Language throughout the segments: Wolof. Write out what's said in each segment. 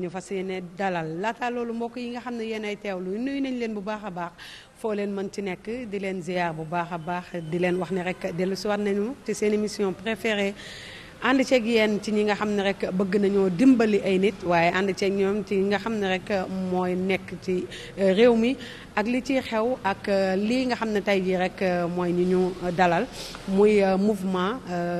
ñu fas ne dalal laata loolu mbokk yi nga xam ne yéen ay teew teewlu nuyu nañ leen bu baax a baax foo leen mën ci nekk di leen ziar bu baax a baax di leen wax ne rek dellu si waat nañu ci seen émission préférée ànd ceeg yéen ci ñi nga xam ne rek bëgg nañoo dimbali ay nit waaye ànd ceeg ñoom ci nga xam ne rek mooy nekk ci euh, réew mi ak li ci xew ak euh, lii nga xam ne tey jii rek euh, mooy ñi ñu dalal muy euh, mouvement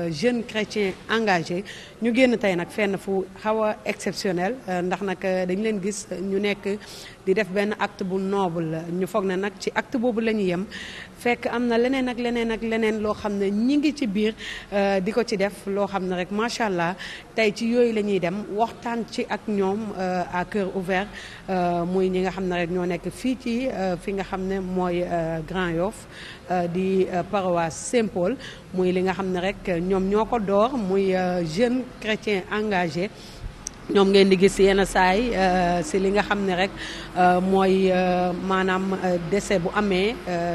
jeunes chrétiens engagés ñu génn tey nag fenn fu xaw a exceptionnel ndax nag dañ leen gis ñu nekk di def benn acte bu noble ñu foog ne nag ci acte boobu la ñu yem fekk am na leneen ak leneen ak leneen loo xam ne ñi ngi ci biir di ko ci def loo xam ne rek macha allah tey ci yooyu lañuy dem waxtaan ci ak ñoom à cœur ouvert muy ñi nga xam na rek ñoo nekk fii ci. Euh, fi nga xam ne mooy euh, Grand Yoff euh, di paroisse saint muy li nga xam ne rek ñoom ñoo ko door muy jeune chrétien engagé ñoom ngeen di gis yenn saay si li nga xam ne rek mooy maanaam décès bu amee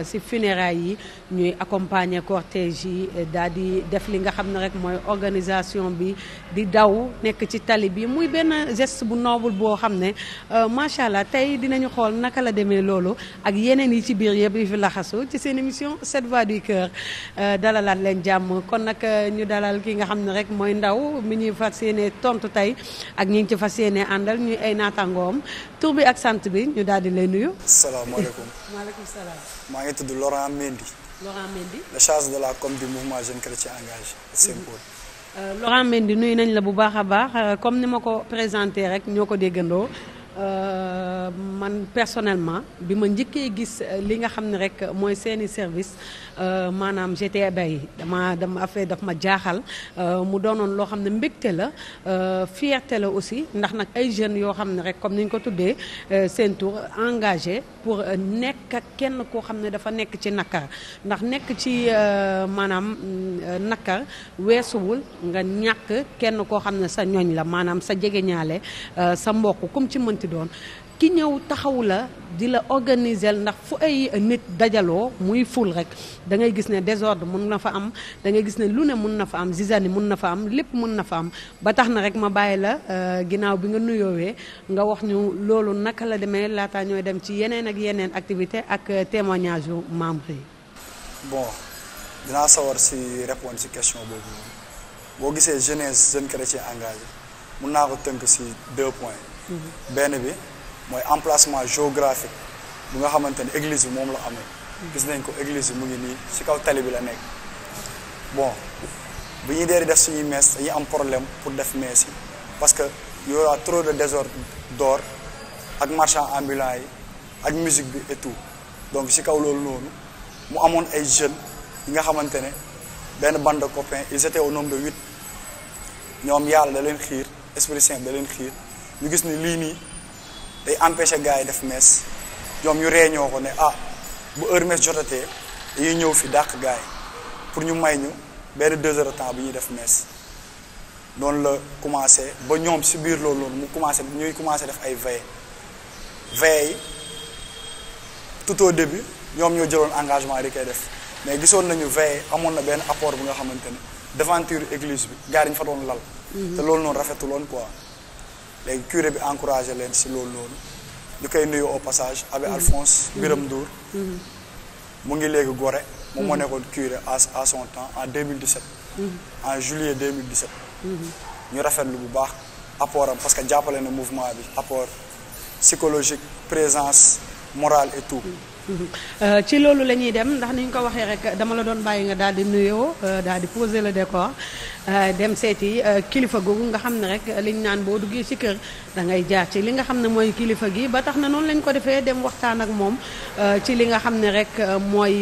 si funérailles yi ñuy accompagner cortège yi eh, daal di def li nga xam ne rek mooy organisation bi di daw nekk ci tali bi muy benn gest bu noble boo xam ne euh, macha allah tey dinañu xool naka la demee loolu ak yeneen yi ci biir yëpp yi fi laxasu ci seen émission 7 voix du cœur euh, dalalaat leen jàmm kon nag euh, ñu dalal ki nga xam ne rek mooy ndaw mi ñuy fa yéene tontu tey ak ñi ngi ci fas yéene àndal ñuy ay naataangoom tur bi ak sant bi ñu daal di lay nuyu. salaamaaleykum maaleykum maa ngi tudd Laurent Mendy le chargé de la com du mouvement jeune chrétien engagé Symbole. Mhm. Euh, Laurent nuyu nañ la bu baax a baax euh, comme ni ma ko présenté rek ñoo ko déggandoo euh, man personnellement bi ma njëkkee gis li nga xam ne rek mooy seeni service Euh, maanaam j'étais bay dama dama affaire daf ma jaaxal euh, mu doonoon loo xam ne mbégte la euh, fierté la aussi ndax nag ay jeunes yoo xam ne rek comme ni ñu ko tuddee seen tour engagé pour nekk kenn koo xam ne dafa nekk ci nakar ndax nekk ci maanaam nakar weesuwul nga ñàkk kenn koo xam ne sa ñooñ la maanaam sa jegeñaale sa mbokk comme ci mënti doon ki ñëw taxawu la di la organiser ndax fu ay nit dajaloo muy ful rek da ngay gis ne désordre mun na fa am da ngay gis ne lu ne mun na fa am zizani mun na fa am lépp mun na fa am ba tax na rek ma bàyyi la euh, ginnaaw bi nga nuyoowee nga wax ñu loolu naka la demee laata ñooy dem ci yeneen ak yeneen activité ak euh, témoignage yu membres yi. bo dinaa sawar si répondre si question boobu boo gisee jeunesse jeune chrétien engagé mun naa ko tënk si deux points. Mhm. benn bi. mooy emplacement géographique bu nga xamante ni église bi moom la amee. gis nañ ko église bi mu ngi nii si kaw tali bi la nekk bon bu ñuy dee def suñuy mees dañuy am problème pour def mees yi parce que y aura trop de désordre d'or ak marchand ambulant yi ak musique bi et tout donc si kaw loolu noonu mu amoon ay jeunes yi nga xamante ne benn bande de copains ils étaient au nombre de huit ñoom yàlla da leen xiir Esprit Saint da leen xiir ñu gis ni lii nii. de empêcher gars yi def mees ñoom ñu réñoo ko ne ah bu heure mees jotatee dañuy ñëw fi dàq gars yi pour ñu may ñu benn deux heures de temps bi ñuy def mees noonu la commencé ba ñoom si biir loolu loolu mu commencé ñuy commencé def ay veillées veillées yi tout au début ñoom ñoo jëloon engagement di koy def mais gisoon nañu veillée amoon na benn apport bu nga xamante ne devanture église bi gars yi ñu fa doon lal. Mhm. te loolu noonu rafetuloon quoi. léegi curé bi encouragé leen si loolu loolu ñu koy nuyu au passage avec Alphonse Biram mm-hmm. Ndour mm-hmm. mu ngi léegi Gorée moom moo mm-hmm. nekkoon curé à son temps en 2017 en juillet 2017 ñu rafetlu bu baax apport am parce que jàppale na mouvement bi apport psychologique présence morale et tout Euh, ci loolu la ñuy dem ndax ni ñu ko waxee rek dama la doon bàyyi nga daal di nuyoo euh, daal di poser le décor euh, dem seeti kilifa googu nga xam ne rek liñ naan boo duggee ci kër da ngay jaar ci li nga xam ne mooy kilifa gi ba tax na noonu lañ ko defee dem waxtaan ak moom ci li nga xam ne rek mooy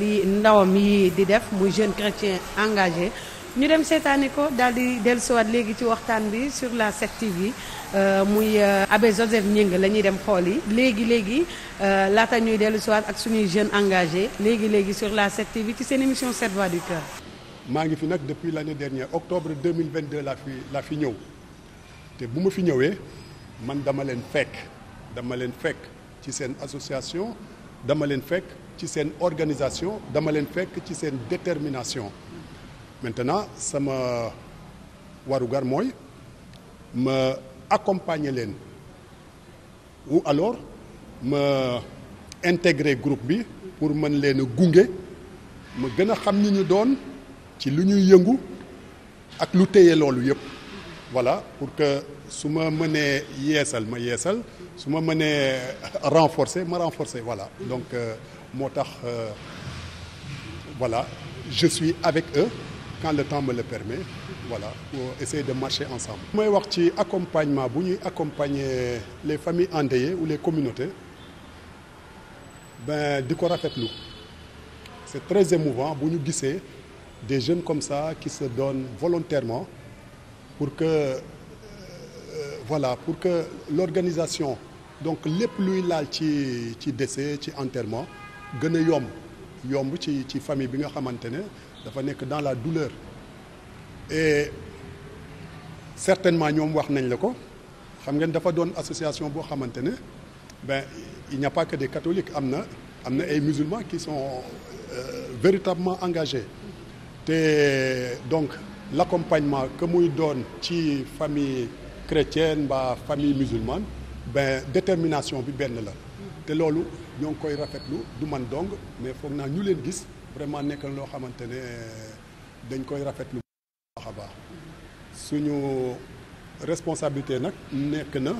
li ndawam yi di def muy jeune chrétien engagé. ñu dem seetaani ko daal di dellusiwaat léegi ci waxtaan bi sur la 7TV euh, muy euh, abbé Joseph Gningue la ñuy dem xool yi léegi léegi euh, laata ñuy dellusiwaat ak suñuy jeunes engagés léegi léegi sur la 7TV ci seen émission 7 voix du cœur. maa ngi fi nag depuis l' année dernière octobre 2022 laa fi laa fi ñëw te bu ma fi ñëwee man dama leen fekk dama leen fekk ci seen association dama leen fekk ci seen organisation dama leen fekk ci seen détermination. maintenant sama warugar mooy ma accompagner leen ou alors ma intégrer groupe bi pour mën leen a gunge ma gën a xam ni ñu doon ci lu ñuy yëngu ak lu téye loolu yëpp wala pour que su ma mënee yeesal ma yeesal su ma mënee renforcer ma renforcer voilà donc euh, moo tax euh, voilà je suis avec eux quand le temps me le permet voilà pour essayer de marcher ensemble. mooy wax ci accompagnement bu ñuy accompagner les familles endeuillées ou les communautés ben di ko rafetlu c'est très émouvant bu ñu gisee des jeunes comme ça qui se donnent volontairement pour que euh, voilà pour que l'organisation donc lépp luy laal ci ci décès ci enterrement gën a yomb yomb ci ci famille bi nga xamante ne. dafa nekk dans la douleur et certainement ñoom wax nañ la ko xam ngeen dafa doon association boo xamante ne ben il n'y a am na am na ay musulmans qui sont euh, véritablement engagés te donc l'accompagnement que muy ci famille chrétienne mbaa famille musulmane ben détermination bi benn la te loolu ñoo ngi koy rafetlu du man dong mais foog naa ñu leen gis vraiment nekk na loo xamante ne euh, dañ koy rafetlu baax a baax suñu responsabilité nag nekk na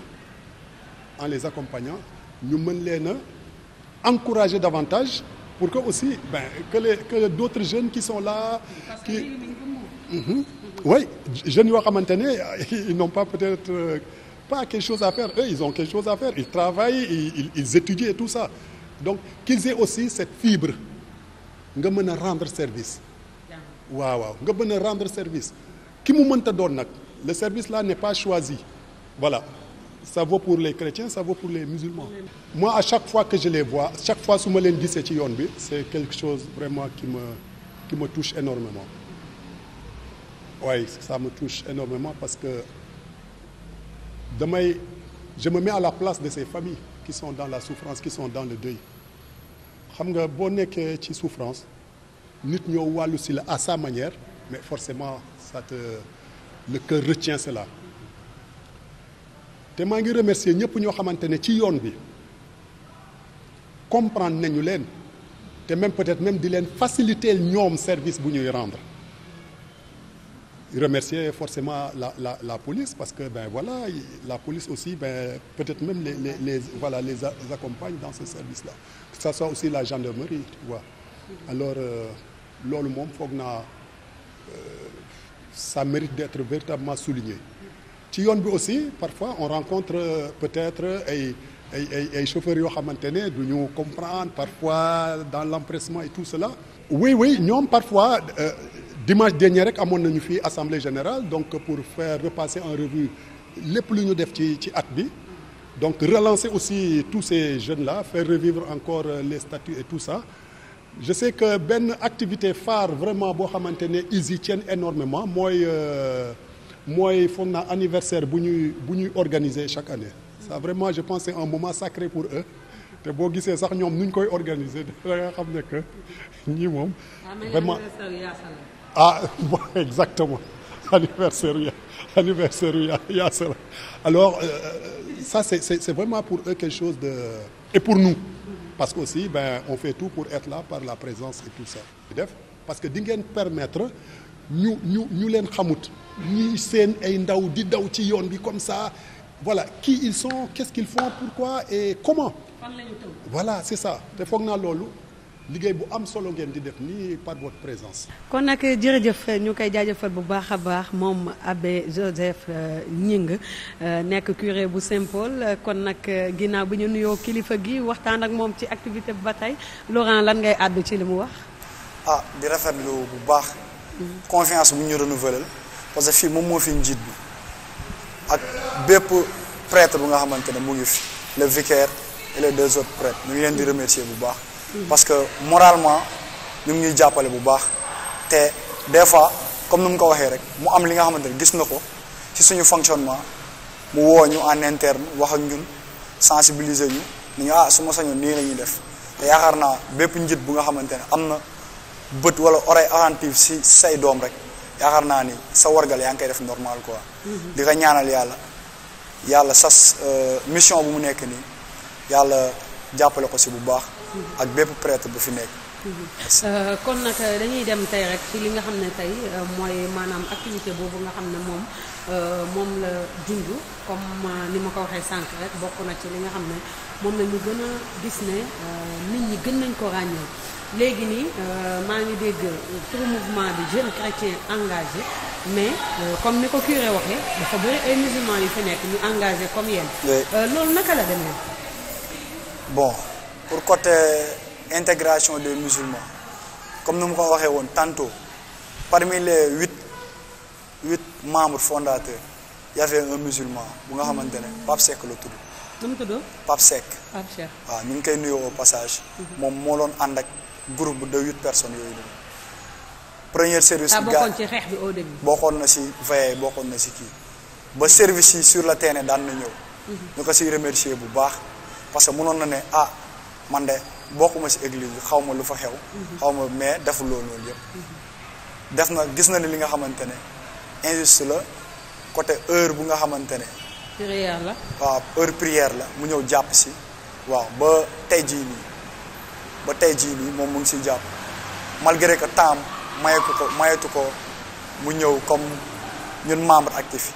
en les accompagnant ñu mën leen a encourager davantage pour que aussi ben que les que d'autres jeunes qui sont là qui mmh. jeunes yoo xamante ne ils n'ont pas peut-être euh, pas chose à faire eux ils ont quelque chose à faire ils travaillent ils étudient et tout ça donc qu'ils aient aussi cette fibre nga mën a rendre service waaw waaw nga mën a rendre service ki mu mënta doon nag le service là n'est pas choisi voilà ça vaut pour les chrétiens sa vaut pour les musulmans moi à chaque fois que je les vois chaque fois su ma leen dise ci yoon bi c'est quelque chose vraiment qui me qui me touche énormément oui ça me touche énormément parce que damay je me mets à la place de ces familles qui sont dans la souffrance qui sont dans le deuil xam nga boo nekkee ci souffrance nit ñoo wàllu si la à sa manière mais forcément ça te le cœur retient cela te maa ngi remercier ñëpp ñoo xamante ne ci yoon bi comprendre nañu leen te même peut-être même di leen faciliter ñoom service bu ñuy rendre remercier forcément la, la, la, police parce que ben voilà, la police aussi ben, peut-être même les, les, les, voilà, les accompagne dans ce service-là. Que ce soit aussi la gendarmerie, tu vois. Alors, euh, loolu moom foog naa euh, ça mérite d'être véritablement souligné ci yoon bi aussi parfois on rencontre euh, peut-être ay ay ay ay chauffeurs yoo xamante ne du ñu comprendre parfois dans l'empressement et tout cela oui oui ñoom parfois euh, dimanche dernier rek amoon nañu fii assemblée générale donc pour faire repasser en revue lépp lu ñu def ci ci at bi donc relancer aussi tous ces jeunes là faire revivre encore euh, les statuts et tout ça je sais que benn activité phare vraiment boo xamante ne isi y tiennent énormément mooy euh, mooy foog naa anniversaire bu ñuy bu ñuy organiser chaque année ça vraiment je pense c'est un moment sacré pour eux te boo gisee sax ñoom nu ñu koy organiser da nga xam ne que moom ah, Ah, bon, exactement. Anniversaire, anniversaire, anniversaire. Alors, euh, euh ça, c'est vraiment pour eux quelque chose de... Et pour nous. Parce qu'aussi, ben, on fait tout pour être là par la présence et tout ça. Parce que di ngeen permettre ñu ñu ñu leen xamut ñi seen ay ndaw di daw ci yoon bi comme ça voilà qui ils sont qu'est-ce qu'ils font pourquoi et comment. voilà c'est ça te foog naa loolu. liggéey bu am solo ngeen di def nii par votre présence. kon nag jërëjëf ñu koy jaajëfal bu baax a baax moom abbé Joseph euh, Gningue euh, nekk curé bu saint kon nag euh, ginnaaw bi ñu nuyoo kilifa gi waxtaan ak moom ci activité bi ba tey Laurent lan ngay àddu ci li mu wax. ah di rafetlu bu baax. confiance mu ñu renouveler parce que fii moom moo fi njiit bi ak bépp prêtre bu nga xamante ne mu ngi fi le vicaire et les deux autres prêtres ñu ngi leen di remercier bu baax. parce que moralement ñu ñuy jàppale bu baax te des fois comme ni mu ko waxee rek mu am li nga xamante ne gis na ko ci suñu fonctionnement mu woo ñu en interne wax ak ñun sensibiliser ñu ni ñu ah su ma sañoon nii la def te yaakaar naa bépp njit bu nga xamante ne am na bët wala oreille attentive si say doom rek yaakaar naa ni sa wargal yaa ngi koy def normal quoi. Mm-hmm. di ko ñaanal yàlla yàlla sas euh, mission bu mu nekk nii yàlla jàppale ko si bu baax. ak bépp prêtre bu fi nekk. Euh, kon nag euh, dañuy dem tey rek ci li nga xam ne tey euh, mooy maanaam activité boobu nga xam ne moom moom la dindu comme ni ma ko waxee sànq rek bokk na ci li nga xam ne moom la ñu gën a gis ne nit ñi gën nañ ko ràññee léegi nii maa ngi dégg turu mouvement bi jeune chrétien engagé mais comme ni ko curé waxee dafa bëri ay musulmans fi nekk ñu engagé comme yéen. loolu naka la demee. pour côté intégration des musulmans comme nu mu ko waxee woon tantôt parmi les huit huit membres fondateur ya avait un musulman bu nga xamante ne mm. Pape Seck la tudd. nu mu tudd Pape Seck. ñu ngi koy nuyoo au passage. Mm-hmm. moom moo doon ànd ak groupe de huit personnes yooyu noonu. premier service. ah bokkoon ci na si veillé bokkoon na si kii ba service yi sur le terrain daan na ñëw. Mm-hmm. ñu ko siy remercier bu baax parce que mënoon na ne ah. man de bokkuma ci église bi xaw ma lu fa xew. Mhm. xaw ma mais defuloo noonu yëpp. Mhm. def na gis na ne li nga xamante ne injuste la côté heure bu nga xamante ne. prière la. waaw heure prière la mu ñëw jàpp si waaw ba tey jii nii ba tey jii nii moom mu ngi ciy jàpp malgré que temps mayetu ko mayetu ko mu ñëw comme ñun membre actif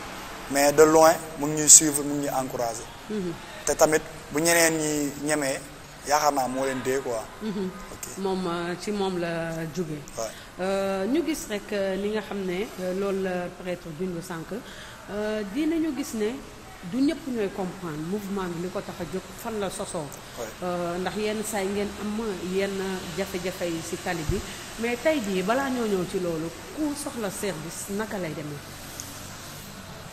mais de loin mu ngi ñuy suivre mu ñuy encourager. Mhm. te tamit bu ñeneen ñi ñemee. yaa yaakaar naa moo leen dee quoi. Mhm. ok moom euh, ci moom la jóge euh, ñu gis rek euh, li nga xam ne loolu la prêtre junj sànq dinañu gis ne du ñëpp ñooy comprendre mouvement bi li ko tax a jóg fan la sosoo. ndax yenn saay ngeen am yenn jafe-jafe yi ci tali bi mais tey jii balaa ñoo ñëw ci loolu ku soxla service naka lay demee.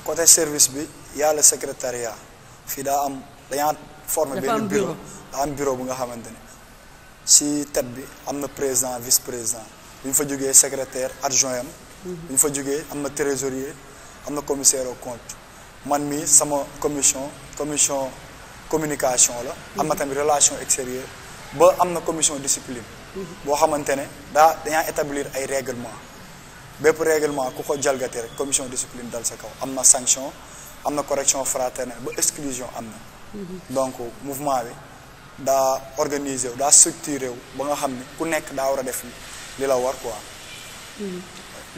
côté service bi yàlla a fii daa am dañaa forme benn bureau daa am bu nga xamante ne si tête bi am na président vice président bu ñu fa jógee secrétaire adjoint am mhm. bu ñu fa jógee am na trésorier am na commissaire au man mi sama commission commission communication la am na mhm. tamit relation extérieure ba am na commission discipline mhm. boo xamante ne daa dañaa établir ay règlement bépp règlement ku ko jalgati rek commission discipline dal sa kaw am na sanction am na correction fraternelle ba exclusion am na donc mouvement bi daa organiser wu daa structuré wu ba nga xam ne ku nekk daa war a def li la war quoi.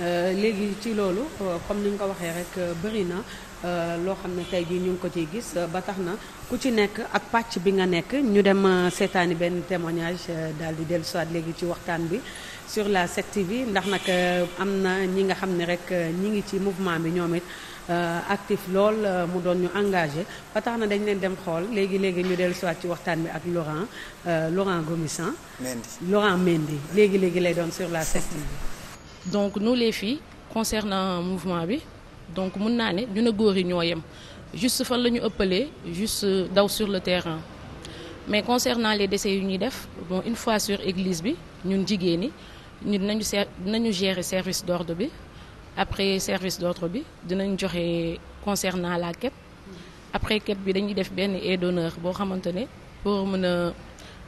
Euh, léegi ci loolu comme ni nga ko waxee rek bëri na euh, loo xam ne tey jii ñu ngi ko ci gis ba tax na ku ci nekk ak pàcc bi nga nekk ñu dem euh, seetaani benn témoignage daal di dellu soit léegi ci waxtaan bi sur la 7TV ndax nag am na ñi nga xam ne rek ñi ngi ci mouvement bi ñoom it. Euh, actif lool euh, mu doon ñu engagé ba tax na dañ leen dem xool léegi léegi ñu dellu siwaat ci waxtaan bi ak Laurent euh, Laurent Gomissan Laurent Mendy léegi léegi lay doon sur la 7TV donc nu les filles concernant mouvement bi donc mun naa ne ñun a góor yi ñoo yem juste fan la ñu ëppalee juste daw sur le terrain mais concernant les décès yu ñuy def bon une fois sur église bi ñun jigéen ñi ñun nañu ser nañu gérer service d'ordre bi après service d'autre bi dinañ joxe concernant la quête après quête bi dañuy def benn aide d'honneur boo xamante ne pour mën a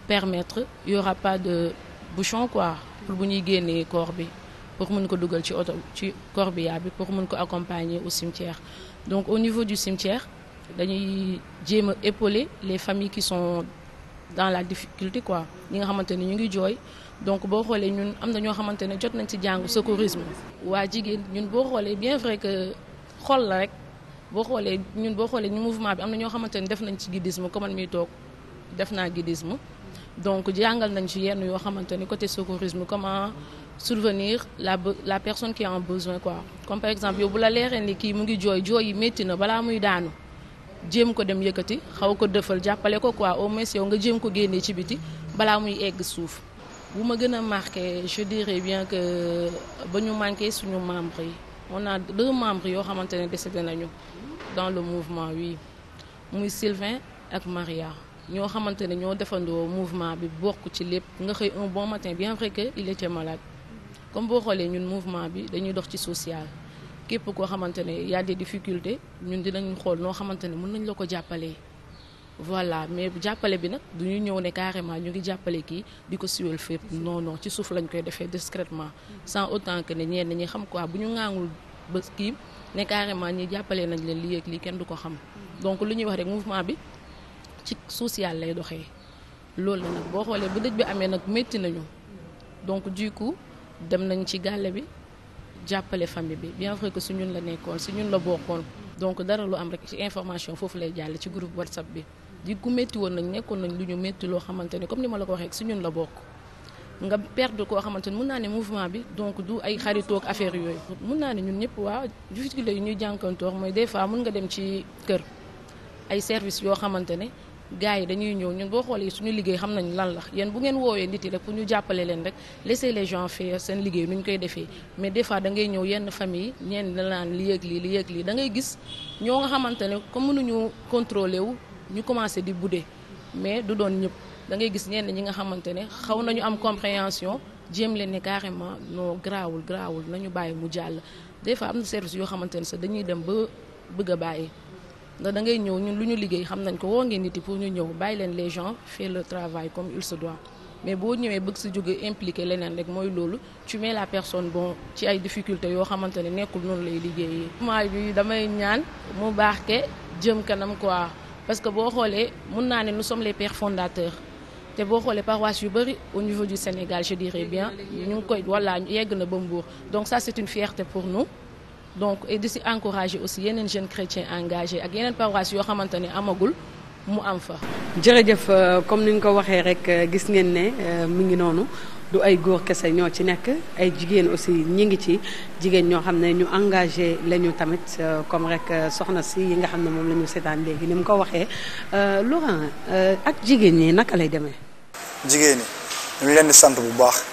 permettre y aura pas de bouchon quoi pour bu ñuy génnee corps bi pour mën ko dugal ci oto ci corbillard bi bi pour mën ko accompagner au cimetière donc au niveau du cimetière dañuy jéem a épauler les familles qui sont dans la difficulté quoi ñi nga xamante ni ñu ngi jooy donc boo xoolee ñun am na ñoo xamante ne jot nañ ci jàngu secourisme waa jigéen ñun boo xoolee bien vrai que xol la rek boo xoolee ñun boo xoolee ñu mouvement bi am na ñoo xamante ne def nañ ci guidisme comme muy toog def naa guidisme donc jàngal nañ ci yenn yoo xamante ni côté secourisme comment survenir la la personne qui a un besoin quoi comme par exemple yow bu la leeree ni kii mu ngi jooy jooy yi métti na balaa muy daanu jéem ko dem yëkkati xaw ko dëfal jàppale ko quoi au moins yow nga jéem ko génnee ci biti balaa muy egg suuf bu ma gën a marqué je dirais bien que ba ñu manqué suñu membres yi on naa deux membres yoo xamante ne décédé nañu dans le mouvement oui muy Sylvain ak Maria ñoo xamante ne ñoo defandoo mouvement bi bokk ci lépp nga xëy un bon matin bien vrai que il était malade comme boo xoolee ñun mouvement bi dañuy dox ci social képp koo xamante ne y a des difficultés ñun dinañ xool noo xamante ne mën nañ la ko jàppalee voilà mais jàppale bi nag du ñu ñëw ne carrément ñu ngi jàppale kii di ko siwal fépp non ci suuf lañ koy defee discrètement sans autant que ne ñenn ñi xam quoi bu ñu ŋaangul bës kii ne carrément ñi jàppale nañ leen li yëg lii kenn du ko xam donc lu ñuy wax rek mouvement bi ci social lay doxee loolu la nag boo xoolee bu dëj bi amee nag métti nañu donc du coup dem nañ ci gàlle bi jàppale famille bi bien vrai que su ñun la nekkoon si ñun la bokkoon donc dara lu am rek ci information foofu lay jàll ci groupe WhatsApp bi di gu métti woon nañ nekkoon nañ lu ñu métti loo xamante ne comme ni ma la ko waxee si ñun la bokk nga perdre koo xamante mun naa ne mouvement bi donc du ay xaritoog affaire yooyu. mun naa ne ñun ñëpp waa difficulté yi ñuy jànkantoor mooy des fois mun nga dem ci kër ay service yoo xamante ne gars yi dañuy ñëw ñun boo xoolee suñu liggéey xam nañ lan la yéen bu ngeen woowee nit yi rek pour ñu jàppale leen rek laisser les gens faire seen liggéey nu ñu koy defee mais des fois da ngay ñëw yenn famille ñeen la naan li yëg lii li yëg lii da gis ñoo nga xamante ne comme mënuñu contrôler wu. ñu commencé di budde mais du doon ñëpp da ngay gis ñenn ñi nga xamante ne xaw nañu am compréhension jéem leen ne carrément non garaawul garaawul nañu bàyyi mu jàll des fois am na service yoo xamante ne sax dañuy dem ba bëgg bàyyi ndax da ngay ñëw ñun lu ñu liggéey xam nañ ko woo ngeen nit pour ñu ñëw bàyyi leen les gens faire le travail comme il se doit boo ñëwee bëgg si jóge impliqué leneen rek mooy loolu tu la personne bon ci ay difficultés yoo xamante ne nekkul noonu lay liggéeyee. moment bi damay ñaan mu baax ke jëm kanam quoi. parce que boo xoolee mun naa ne nous sommes les pères fondateurs te boo xoolee paroisse yu bëri au niveau du Sénégal je dirais bien ñu ngi koy voilà yegg na ba Mbour donc ça c'est une fierté pour nous donc et di si encourager aussi yeneen jeunes chrétiens engagé ak yeneen paroisse yoo xamante ne amagul mu am fa. jërëjëf euh, comme ni nga ko waxee rek euh, gis ngeen ne euh, mi ngi noonu. du ay góor kese ñoo ci nekk ay jigéen aussi ñi ngi ci jigéen ñoo xam ne ñu engagé lañu tamit euh, comme rek euh, soxna si yi nga xam ne moom la ñu seetaan léegi ni mu ko waxee euh, Laurent ak jigéen ñi naka lay demee. jigéen ñi ñu leen sant bu baax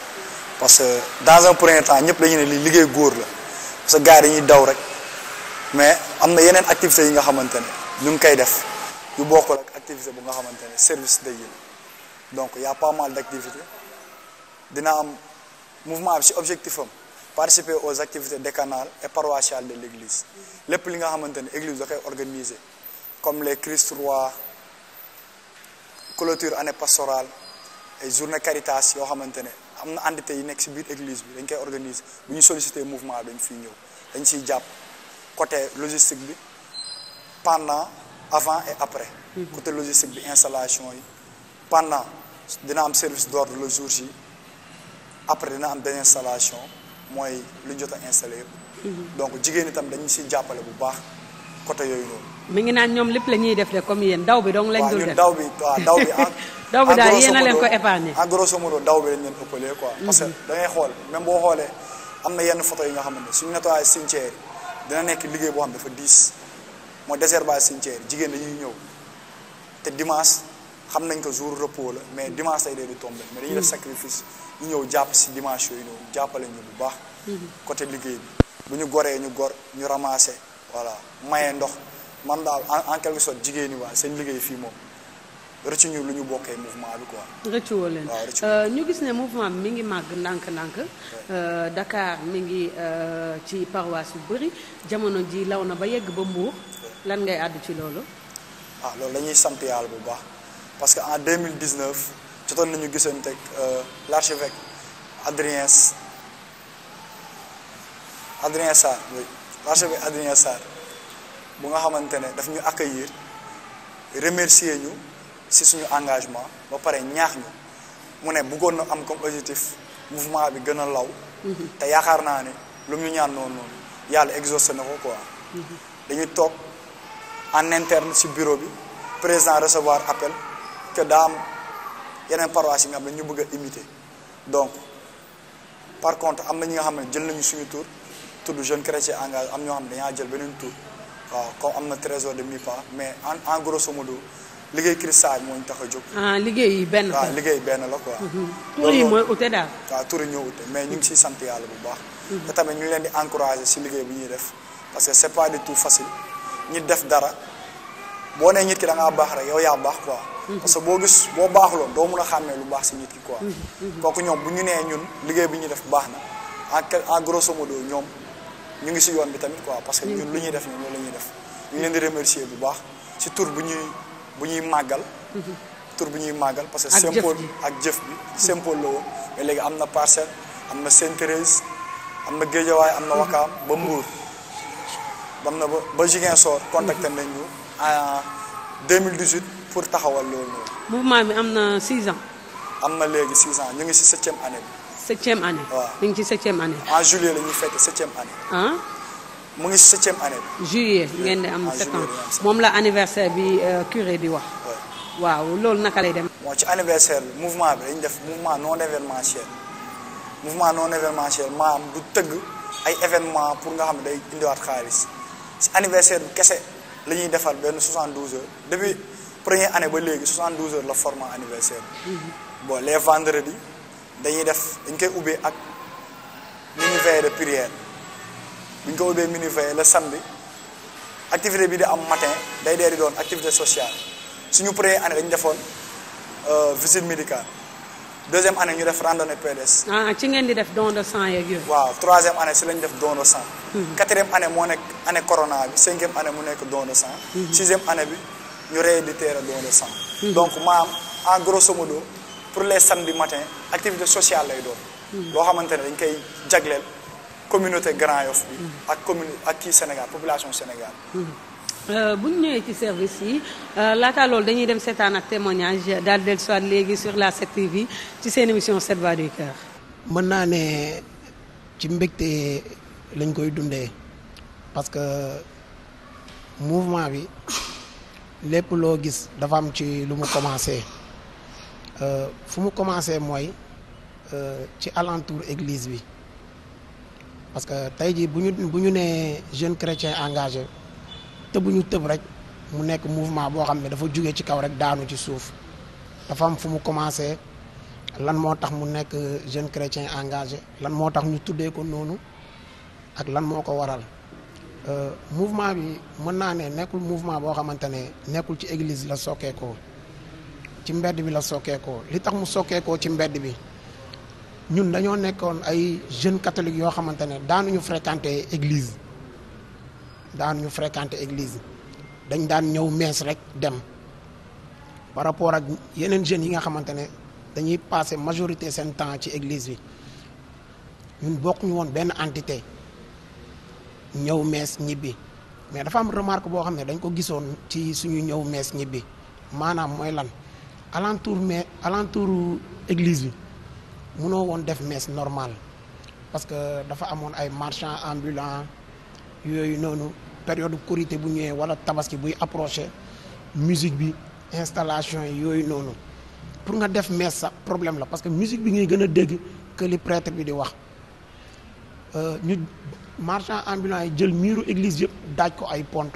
parce que dans un premier temps ñëpp dañu ne li liggéey góor la parce que gars yi dañuy daw rek mais am na yeneen activités yi nga xamante ne ñu ngi koy def yu bokk ak activité bu nga xamante ne service day donc y a pas mal d'activités. dina am mouvement bi si objectif am participer aux activités décanales et paroissiales de l'église lépp li nga xamante ne église da koy organiser comme les Christ Roi clôture année pastorale et journée caritas yoo xamante ne am na entités yi nekk si biir église bi dañ koy organiser bu ñu solliciter mouvement bi dañ fiy ñëw dañ siy jàpp côté logistique bi pendant avant et après mm-hmm. côté logistique bi installation yi pendant dina am service d'ordre le jour ji après dina am désinstallation mooy lu jot a installé mhm. donc jigéen itam dañu si jàppale bu baax côté yooyu noonu. mi ngi naan ñoom lépp la ñuy def de comme yéen daw bi dong lañ dul def waaw daw bi waaw daw bi en. daw ko daw bi lañ leen ëppalee quoi. Mhm. parce que da ngay xool même boo xoolee am na yenn photo yi nga xamante ne suñu nettoyage cimetière yi dina nekk liggéey boo xam ne dafa diis mooy désherbage cimetière jigéen dañuy ñëw te dimanche xam nañ ko jour repos la mais dimanche lay dee du tombé mais dañuy ñu ñëw jàpp si dimanche yooyu noonu jàppale ñu bu baax. Mm-hmm. liggéey bu ñu goree ñu gor ñu ramassé voilà maye ndox man daal en quelque sorte jigéen ñi waa seen liggéey fii moom. rëccu ñu lu ñu bokkee mouvement bi quoi. rëccuwoo leen euh, ñu gis ne mouvement bi mi ngi màgg ndànk-ndànk. Euh, Dakar mi ngi euh, ci paroisse yu bëri jamono ji law na ba yegg ba Mbour. lan ngay àddu ci loolu. ah loolu la ñuy sant yàlla bu baax parce en jotoon nañu gisanteeg euh, l'archevêque Adrien Adrien Sarr oui l'archevêque Adrien Sarr bu nga xamante ne daf ñu accueillir remercier ñu ci suñu engagement ba pare ñaax ñu mu ne buggoon na am comme objectif mouvement bi gën a law mm-hmm. te yaakaar naa ne lu mu ñu ñaan noonu yàlla exaucé na ko quoi mm-hmm. dañu toog en interne ci bureau bi président recevoir appel que daa am yeneen paroisse yi nga xam ne ñu bëgg a imiter donc par contre am na ñi nga xam ne jël nañu suñu tour tudd jeune chrétien engagé am ñoo xam ne dañaa jël beneen tour waaw comme am na trésor de MIPA mais en en grosso modo liggéey cristal moo ñu tax a jóg. Ah, liggéey benn la waaw benn la quoi. Mhm. tur yi mooy ute waaw tur yi ñoo ute mais ñu ngi siy sant yàlla bu baax. Mhm. te tamit ñu ngi leen di encourager si liggéey bi ñuy def parce que c' est pas du tout facile ñi def dara boo nee nit ki da ngaa baax rek yow yaa baax quoi. parce boo gis boo baaxuloon doo mun a xàmmee lu baax si nit ki quoi. Mm-hmm, mm-hmm. kooku ñoom bu ñu nee ñun liggéey bi ñuy def baax na en en grosso modo ñoom ñu ngi si yoon bi tamit quoi. parce que ñun lu ñuy def ñun loolu la ñuy def. ñu leen di remercier bu baax ci tur bu ñuy bu ñuy màggal. Mm-hmm. tur bu ñuy màggal parce que. simple ak jëf bi simple la woon. mais léegi am na parcelle am na Saint am na Géejawaay am na Wakaam ba Mbour. bam na ba ba Ziguinchor contacté nañ ñu en 2018. pour taxawal loolu noonu. mouvement bi am na 6 ans. am na léegi 6 ans ñu ngi si septième année bi. septième année. ngi ci septième année. en juillet la ñuy fekk septième année. ah. mu ngi septième année bi. juillet ngeen di am sept moom la anniversaire bi euh, curé di wax. waaw loolu naka lay dem. moo ci anniversaire bi mouvement bi dañu def mouvement non événementiel mouvement non événementiel maam du tëgg ay événement pour nga xam ne day indiwaat xaalis si anniversaire bi kese la ñuy defar benn 72 heures depuis. première année ba léegi 72 heures la format anniversaire bi. bon les vendredis dañuy def dañ koy ubbee ak mini veillée de prière bu ñu ko ubbee mini veillée le samedi activité bi di am matin day dee di doon activité sociale suñu première année dañu defoon euh, visite médicale deuxième année ñu def randonnée PDS. ah ci ngeen di def don de sang yeeg yooyu. waaw troisième année si lañ def don de sang. Hmm. quatrième année moo nekk anne corona bi cinquième année mu nekk don sa sang. Hmm. sixième bi. ñu réhabiliter la doon le sang hmm. donc maam en grosso modo pour les samedi matin activité sociale lay doon hmm. loo xamante ne dañ koy jagleel communauté Grand Yoff bi hmm. ak commune kii Sénégal population Sénégal euh, bu ñu ñëwee ci service yi euh, laata loolu dañuy dem seetaan ak témoignage daal del dellusiwaat léegi sur la 7TV ci seen émission 7 voix du cœur. mën naa ne ci mbégte lañ koy dundee parce que mouvement bi lépp loo gis dafa am ci lu mu commencé euh, fu mu commencé mooy euh, ci alentour église bi parce que tey jii bu ñu bu ñu nee jeune chrétien engagé te bu ñu tëb rek mu nekk mouvement boo xam ne dafa jugee ci kaw rek daanu ci suuf dafa am fu mu commencé lan moo tax mu nekk jeune chrétien engagé lan moo tax ñu tuddee ko noonu ak lan moo ko waral Euh, mouvement bi mën naa ne nekkul mouvement boo xamante ne nekkul ci église la sokkeekoo ci mbedd bi la sokkeekoo li tax mu sokkeekoo ci mbedd bi ñun dañoo nekkoon ay jeunes catholiques yoo xamante ne daanuñu fréquenter église daanuñu fréquenter église dañ daan ñëw mees rek dem par rapport ak yeneen jeunes yi nga xamante ne dañuy passer majorité seen temps ci église bi ñun bokkuñu woon benn entité. ñëw mees ñibbi mais dafa am remarque boo xam ne dañ ko gisoon ci suñuy ñëw mees ñibbi maanaam mooy lan alentour mais alentour église yi munoo woon def mees normal parce que dafa amoon ay marchands ambulants yooyu noonu période korité bu ñëwee wala tabaski buy approché musique bi installation yooyu noonu pour nga def mees sax problème la parce que musique bi ngay gën a dégg que li prêtre bi di wax euh, ñu marchand ambulant yi jël miiru église yëpp daaj ko ay pont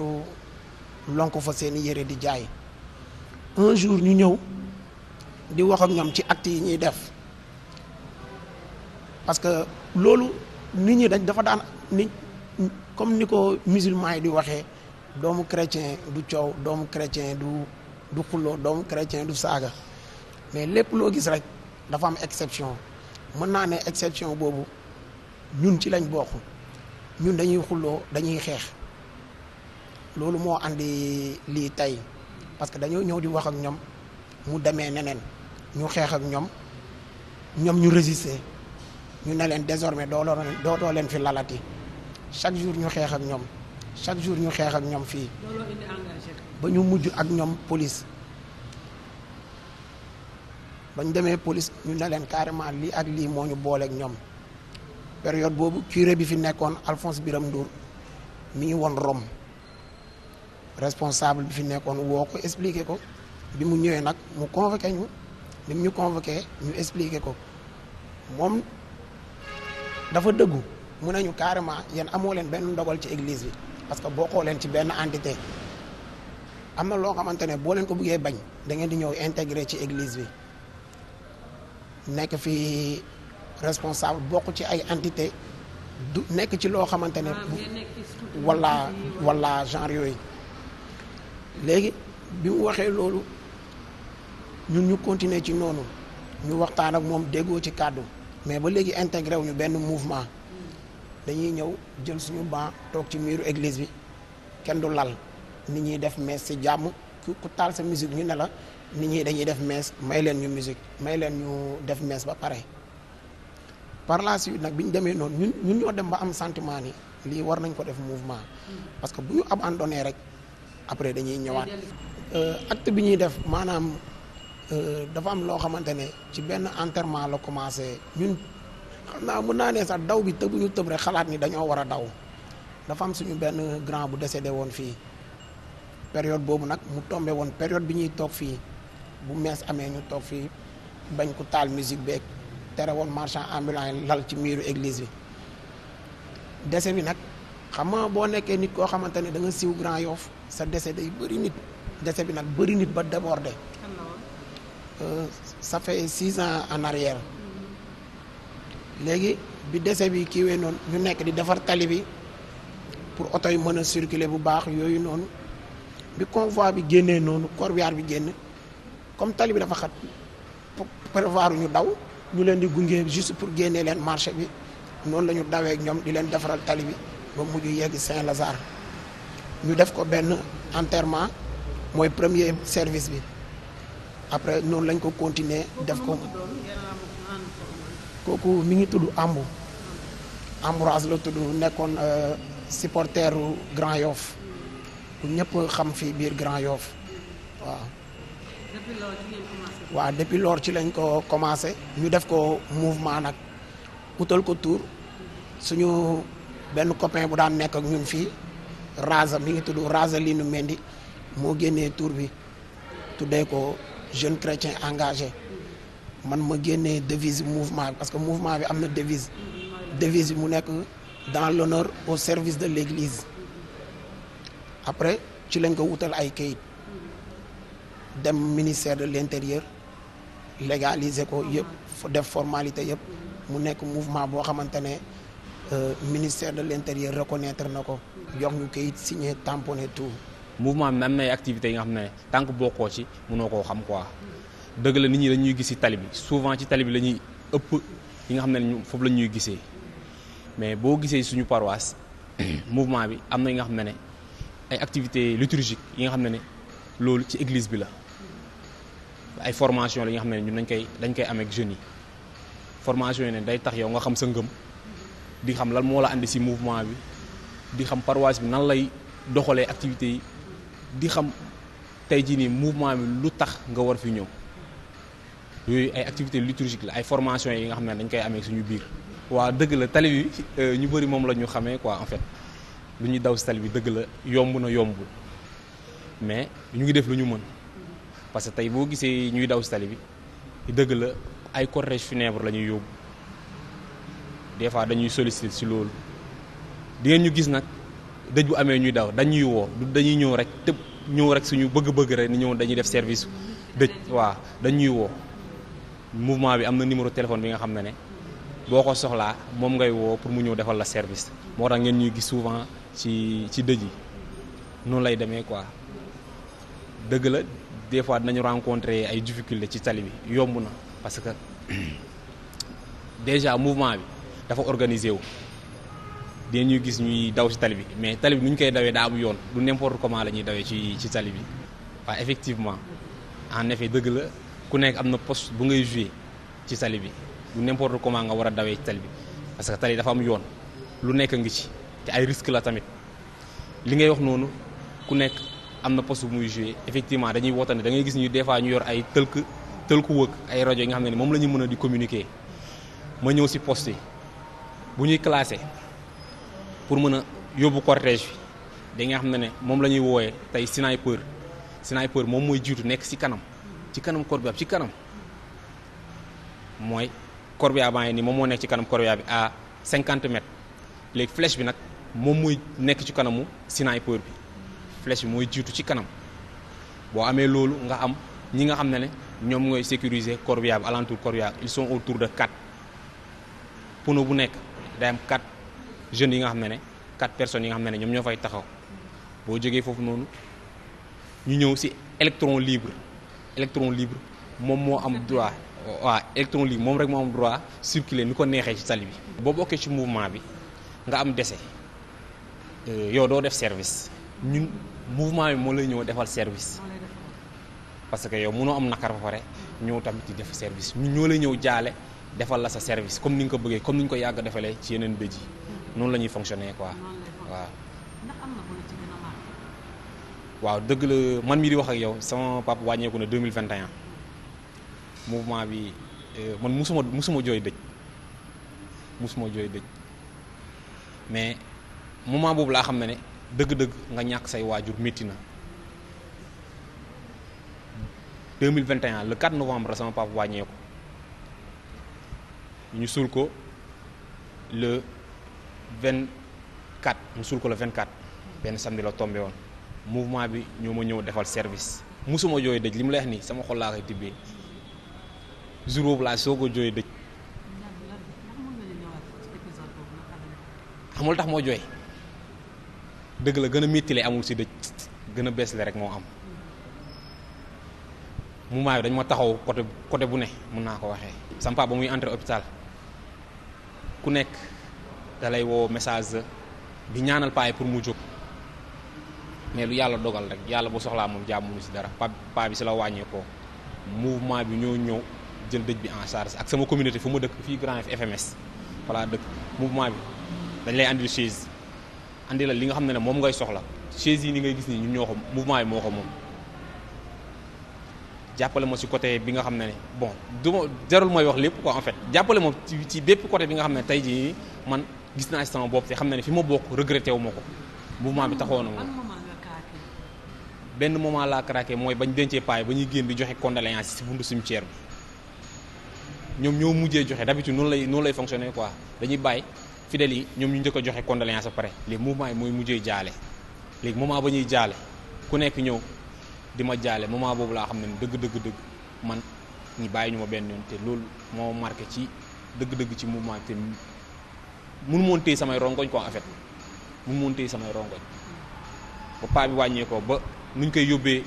lon fa seeni yére di jaay un jour ñu ñëw di wax ak ñoom ci actes yi ñuy def parce que loolu nit ñi dañ dafa daan nit comme ni ko musulman yi di waxee doomu chrétien du coow doomu chrétien du du xuloo doomu chrétien du saaga mais lépp loo gis rek dafa am exception mën naa ne exception boobu ñun ci lañ bokk ñun dañuy xuloo dañuy xeex loolu moo andi lii tey parce que dañoo ñëw di wax ak ñoom mu demee neneen ñu xeex ak ñoom ñoom ñu résister ñu ne leen désormais doo dootoo leen fi lalati chaque jour ñu xeex ak ñoom chaque jour ñu xeex ak ñoom fii ba ñu mujj ak ñoom police bañ demee police ñu ne leen carrément lii ak lii moo ñu booleeg ñoom période boobu curé bi fi nekkoon Alphonse Birame Ndour mi ngi woon Rome responsable bi fi nekkoon woo ko expliqué ko bi mu ñëwee nag mu convoqué ñu bi mu ñu convoqué ñu expliqué ko moom dafa dëggu mu ne ñu carrément yéen amoo leen benn ndogal ci église bi parce que bokkoo leen ci benn entité am na loo xamante ne boo leen ko buggee bañ da ngeen di ñëw intégré ci église bi nekk fi. responsable bokk ci ay entité du nekk ci loo xamante ne walla genre yooyu léegi bi mu waxee loolu ñun ñu continuer ci noonu ñu waxtaan ak moom déggoo ci kàddu mais ba léegi intégré wu ñu benn mouvement dañuy ñëw jël suñu banc toog ci miiru église bi kenn du lal nit ñuy def mees ci jàmm ku taal sa musique ñu ne la nit ñi dañuy def mees may leen ñu musique may leen ñu def mees ba pare par la suite nag bi ñu demee noonu ñun ñun ñoo dem ba am sentiment ni lii war nañ ko def mouvement mm. parce que bu ñu abandonné rek après dañuy ñëwaat euh, acte bi ñuy def maanaam euh, dafa loo xamante ne ci benn enterrement la commencé ñun xam naa mën naa ne sax daw bi tëb ñu tëb rek xalaat ni dañoo war a daw dafa am suñu benn grand bu décédé woon fii période boobu nag mu tombé woon période bi ñuy toog fii bu mees amee ñu toog fii bañ ko taal musique beeg tere woon en ambulant yi lal ci miiru église bi décès bi nag xam boo nekkee nit koo xamante ne da nga siiw Grand Yoff sa décès day bëri nit décès bi nag bëri nit ba débordé euh, ça fait six ans en arrière léegi bi décès bi kiiwee noonu ñu nekk di defar tali bi pour oto yi mën a circuler bu baax yooyu noonu bi convoi bi génnee noonu corbillard bi génn comme tali bi dafa xat prévoir ñu daw ñu leen di gunge juste pour génnee leen marché bi noonu la ñu dawee ak ñoom di leen defaral tali bi ba mujj yegg Saint-Lazare ñu def ko benn enterrement mooy premier service bi après noonu lañ ko continuer def ko kooku mi ngi tudd Ambu Ambroise la tudd nekkoon euh, supporteru Grand Yoff ku ñëpp xam fii biir Grand Yoff waaw waaw depuis loor ci lañ ko commencé ñu def ko mouvement nag utal ko tour suñu benn copain bu daan nekk ak ñun fii Raza mi ngi tudd lii nu Mendy moo génnee tour bi tuddee ko jeune chrétien engagé man ma génnee devise mouvement bi parce que mouvement bi am na devise devise bi mu nekk dans l'honneur au service de l'église après ci lañ ko wutal ay kayit dem ministère de l'intérieur légaliser ko yëpp def formalité yëpp mu nekk mouvement boo xamante ne euh, ministère de l'intérieur reconnaître na ko jox ñu kayit signé tamponné tout. mouvement bi am na ay yi nga xam ne tant que bokkoo ci mënoo koo xam quoi dëgg la nit ñi dañuy gis ci tali bi souvent ci tali bi la ñuy ëpp yi nga xam ne foofu la ñuy gisee mais boo gisee suñu paroisse mouvement bi am na yi nga xam ne ne ay activités liturgiques yi nga xam ne ne loolu ci église bi la. ay formation la nga xam ne ñun nañ koy dañ koy am ak jeunes yi formation yi ne day tax yow nga xam sa ngëm di xam lan moo la andi si mouvement bi di xam paroisse bi nan lay doxalee activités yi di xam tey jii nii mouvement bi lu tax nga war fi ñëw yooyu ay activités liturgiques la ay formation yi nga xam ne dañ koy amee suñu biir waa dëgg la tali bi euh, ñu bëri moom la ñu xamee quoi en fait lu ñuy daw si tali bi dëgg la yomb na yombul mais ñu ngi def lu ñu mën parce que tey boo gisee ñuy daw si tali bi dëgg la ay cortège funèbre la ñuy yóbbu des fois dañuy solliciter si loolu dingeen ñu gis nag dëj bu amee ñuy daw dañuy woo dañuy ñëw rek tëb ñëw rek suñu bëgg-bëgg rek ni ñëw dañuy def service dëj waa dañuy woo mouvement bi am na numéro téléphone bi nga xam ne ne boo ko soxlaa moom ngay woo pour mu ñëw defal la service moo tax ngeen ñuy gis souvent ci ci dëj yi noonu lay demee quoi dëgg la des fois dinañu rencontrer ay difficultés ci tali bi yomb na parce que déjà mouvement bi dafa organisé wu. ñu gis ñuy daw ci tali bi mais tali bi nu ñu koy dawee daa am yoon du n'importe comment la ñuy dawee ci ci tali bi waaye effectivement en effet dëgg la ku nekk am na poste bu ngay jouer ci tali bi du n'importe comment nga war a dawee ci tali bi parce que tali dafa am yoon lu nekk ngi ci te ay risque la tamit li ngay wax noonu ku nekk. am na poste bu muy joué effectivement dañuy wootante da ngay gis ñu des fois ñu yor ay tëlk tëlku wëkk ay rajo yi nga xam ne moom la ñu mën a di communiquer ma ñëw si poste yi bu ñuy classé pour mën a yóbbu cortège bi da xam ne ne moom la ñuy wooyee tey sniper sniper moom mooy jiitu nekk si kanam ci kanam corbillard ci kanam mooy corbillard baa ngi nii moom moo nekk ci kanam corbillard bi a 50 mètres léegi flèche bi nag moom mooy nekk ci kanamu sniper bi flèche bi mooy jiitu ci kanam boo amee loolu nga am ñi nga xam ne ne ñoom ngay sécuriser corbillard bi alentour corbillard ils sont autour de quatre pono bu nekk day am jeunes yi nga xam ne ne quatre personnes yi xam ne ne ñoom ñoo fay taxaw boo jógee foofu noonu ñu ñëw si électron libre électron libre moom moo am droit waa électron libre moom rek moo am droit circuler ni ko neexee ci tali bi boo bokkee ci mouvement bi nga am dese euh, yow doo def service ñun mouvement bi moo lay ñëw defal service parce que yow mënoo am nakar ba pare ñëw tamit di def service ñu ñoo lay ñëw jaale defal la sa service comme ni nga ko bëggee comme ni ñu ko yàgg defalee ci yeneen bëj yi noonu la ñuy fonctionner ko waaw. waaw dëgg la man mii di wax ak yow sama papa wàññeeku na 2021 mouvement bi euh, man musuma musuma jooy dëj musuma jooy dëj mais moment boobu laa xam ne ne. dëgg-dëgg nga ñàkk say waajur métti na 2021 le 4 novembre sama papa wàññeeku ñu suul ko le 24 ñu suul ko le 24 benn samedi la tombé woon mouvement bi ñoo ma ñëw defal service musuma jooy dëj li mu leex nii sama xol laa koy tibbee jour laa soo ko jooy dëj xamul tax moo jooy dëgg la gën a métti amul si dëj gën a bees rek moo am mu maayo dañ ma taxaw côté côté bu ne mën naa ko waxee sampa ba muy entré hôpital ku nekk da lay woo message bi ñaanal paay pour mu jóg mais lu yàlla dogal rek yàlla bu soxlaa moom jàmmunu si dara pa paa bi si la wàññeekoo mouvement bi ñoo ñëw jël dëj bi en charge ak sama communauté fu ma dëkk fii Grand FMS voilà dëkk mouvement bi dañ lay andil chaise andi la li nga xam ne ne moom ngay soxla chaise yi ni ngay gis nii ñu ñoo ko mouvement yi moo ko moom jàppale ma si côté bi nga xam ne ne bon du ma jarul lépp quoi fait jàppale ma ci bépp côté bi nga xam ne tey jii man gis naa si sama bopp te xam ne ne fi ma bokk regretté wu ma ko mouvement bi taxoon na ma benn moment laa craqué mooy bañ dencee paay ba ñuy génn bi joxe condoléances si buntu cimetière bi ñoom ñoo mujjee joxe d'habitude noonu lay noonu lay fonctionner quoi dañuy bàyyi fidèles yi ñoom ñu njëkk a joxe condoléance pare les mouvements yi mooy mujjee jaale léegi moment ba ñuy jaale ku nekk ñëw di ma jaale moment boobu laa xam ne dëgg dëgg dëgg man ñi bàyyi ñu ma benn yoon te loolu moo marqué ci dëgg-dëgg ci mouvement te mënu moon téye samay rongoñ quoi en fait mënu samay rongoñ ba paa bi wàññeekoo ko ba nuñ koy yóbbee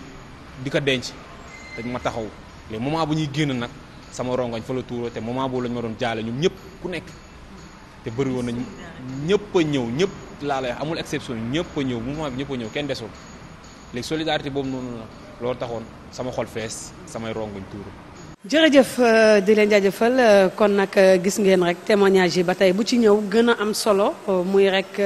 di ko denc dañ ma taxaw les moment bu ñuy génn nag sama rongoñ fa la tuuroo te moment boobu lañ ma doon jaale ñoom ñëpp ku nekk te bëri woon nañ ñëpp a ñëw ñëpp laa lay amul exception ñëpp a ñëw mouvement bi ñëpp a ñëw kenn desul léegi solidarité boobu noonu la loolu taxoon sama xol fees samay ronguñ tuuru. jërëjëf euh, di leen jaajëfal euh, kon nag euh, gis ngeen rek témoignage yi ba tey bu ci ñëw gën a am solo muy rek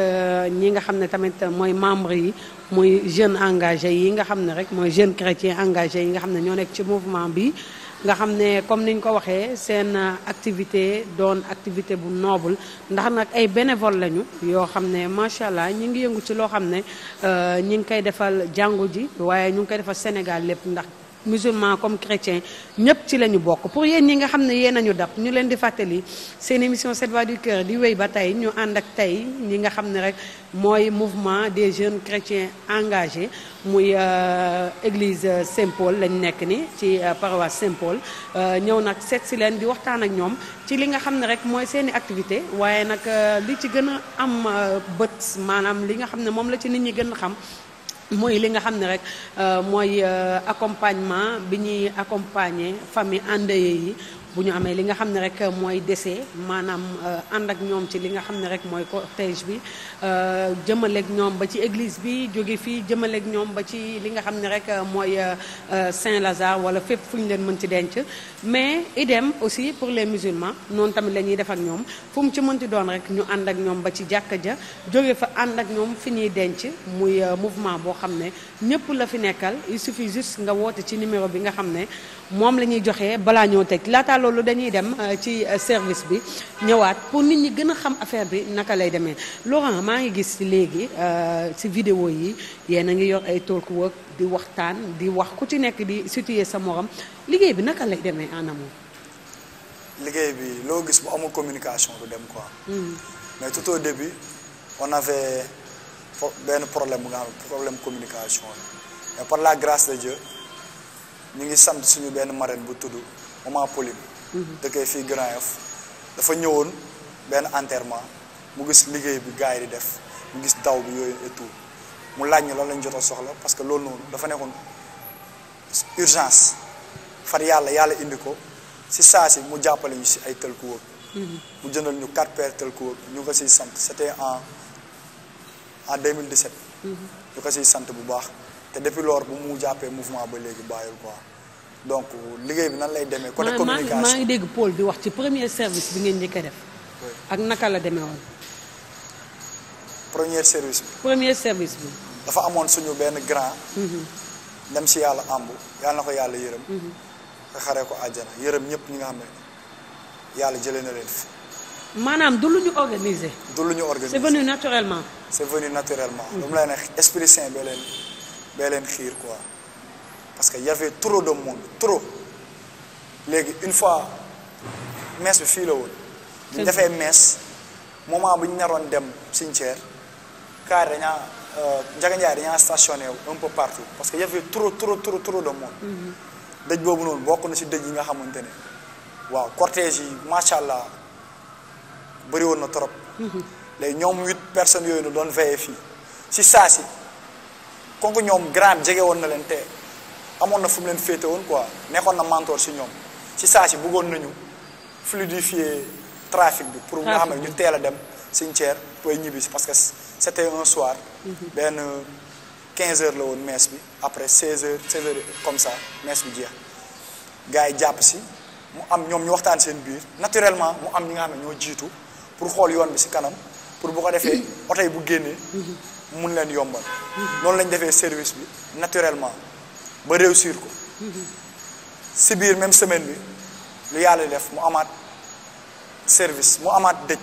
ñi nga xam ne tamit mooy membre yi muy jeunes engagés yi nga xam ne rek mooy jeunes chrétiens engagé yi nga xam ne ñoo nekk ci mouvement bi. nga xam ne comme ni niñ ko waxee seen euh, activité doon activité bu noble ndax nag ay bénévole lañu yoo xam ne macha allah ñu ngi yëngu ci loo xam ne euh, ñi ngi koy defal jàngu ji waaye ñu ngi koy defal Sénégal lépp ndax. musulman comme chrétien ñëpp ci la ñu bokk pour yéen ñi nga xam ne yéen nañu dab ñu leen di fàttali seen émission 7 voix du cœur di wéy ba tey ñu ànd ak tey ñi nga xam ne rek mooy mouvement des jeunes chrétiens engagé muy euh, église Saint-Paul lañ nekk ni ci euh, paroisse Saint-Paul euh, ñëw nag seet si leen di waxtaan ak ñoom ci li nga xam ne rek mooy seen i activité waaye nag li ci gën a am bët maanaam li nga xam ne moom la ci nit ñi gën xam mooy li nga xam ne rek euh, mooy euh, accompagnement bi ñuy accompagner famille endeuillée yi bu ñu amee li nga xam ne rek mooy décès maanaam euh, ànd ak ñoom ci li nga xam ne rek mooy cortège bi Euh, jëmaleek ñoom ba ci église bi jóge fii jëmaleeg ñoom ba ci li nga xam ne rek euh, mooy euh, Saint-Lazare wala fépp fu ñu leen mën ci denc mais i idem aussi pour les musulmans noonu tamit la ñuy def ak ñoom fu mu ci mënti doon rek ñu ànd ak ñoom ba ci jàkka ja jóge fa ànd ak ñoom fi ñuy denc muy mouvement boo xam ne ñëpp la fi nekkal il suffit juste nga woote ci numéro bi nga xam ne moom la ñuy joxe balaa ñoo teg laata loolu dañuy dem ci service bi ñëwaat pour nit ñi gën a xam affaire bi naka lay demee maa ngi gis ci léegi euh, ci vidéo yi yéen a ngi yor ay talk work di waxtaan di wax ku ci nekk di situer sa morom liggéey bi naka lay demee en amont. liggéey bi loo gis bu amul communication bu dem quoi. Hmm. mais tout au début on avait benn problème bu nga xam problème communication la mais par la grâce de Dieu ñu ngi sant suñu benn marraine bu tudd moment Poly. Hmm. dëkkee fii Grand Yoff dafa ñëwoon benn enterrement. mu gis liggéey bi gars yi di def mu gis daw bi yooyu et mu laaj ñu lan lañ joto soxla parce que loolu noonu dafa nekkoon urgence far yàlla yàlla indi ko si saa si mu jàppale ñu si ay tëlkuwóor mm-hmm. mu jëndal ñu quatre paires tëlkuwóor ñu ko si sant c'était en en 2017 mm-hmm. ñu ko si sant bu baax te depuis lors bu mu jàppee mouvement ba léegi bàyyil quoi donc liggéey bi nan lay demee côté communication maa ngi dégg Paul di wax ci premier service bi ngeen njëkk a def ak naka la demee premier service bi. premier service dafa amoon suñu benn grand. Mhm. dem si yàlla àmb yàlla na ko yàlla yërëm. xare mhm. xaree ko àjjana yërëm ñëpp ñu nga xam ne yàlla jëlee na leen fi. maanaam du lu ñu organisé. du lu ñu organisé c'est venu naturellement. c'est venu naturellement. Mhm. lu mu lay ne esprit saint leen bee leen xiir quoi parce que y avait trop de monde trop léegi une fois messe bi fii la woon. bu ñu defee messe moment bu ñu naroon dem cimetière. car dañaa euh, Ndiaga Ndiaye dañaa stationné un peu partout parce que y avait trop trop trop trop de monde. Mm-hmm. dëj boobu noonu bokk na si dëj yi nga xamante ne waaw cortège yi macha allah bëri woon na trop. Mm-hmm. léegi ñoom huit personnes yooyu doon veillé fii ci saa si kooku ñoom grand jege woon na leen te amoon na fu mu leen féete woon quoi nekkoon na mentor si ñoom ci saa si bëggoon nañu fluidifier trafic bi. pour nga xam ne ñu teel a dem cimetière. booy ñibbi si parce que c' était un soir. Mhm. benn quinze heures la woon mees bi après 16 heures 16 heures comme ça mees bi jeex gars yi jàpp si mu am ñoom ñu waxtaan seen biir naturellement mu am ñi nga xam ne ñoo jiitu pour xool yoon bi si kanam pour bu ko defee oto yi bu génnee. Mhm. mun leen yombal. Mhm. noonu lañ defee service bi naturellement ba réussir ko. si biir même semaine bi lu yàlla def mu amaat service mu amaat dëj.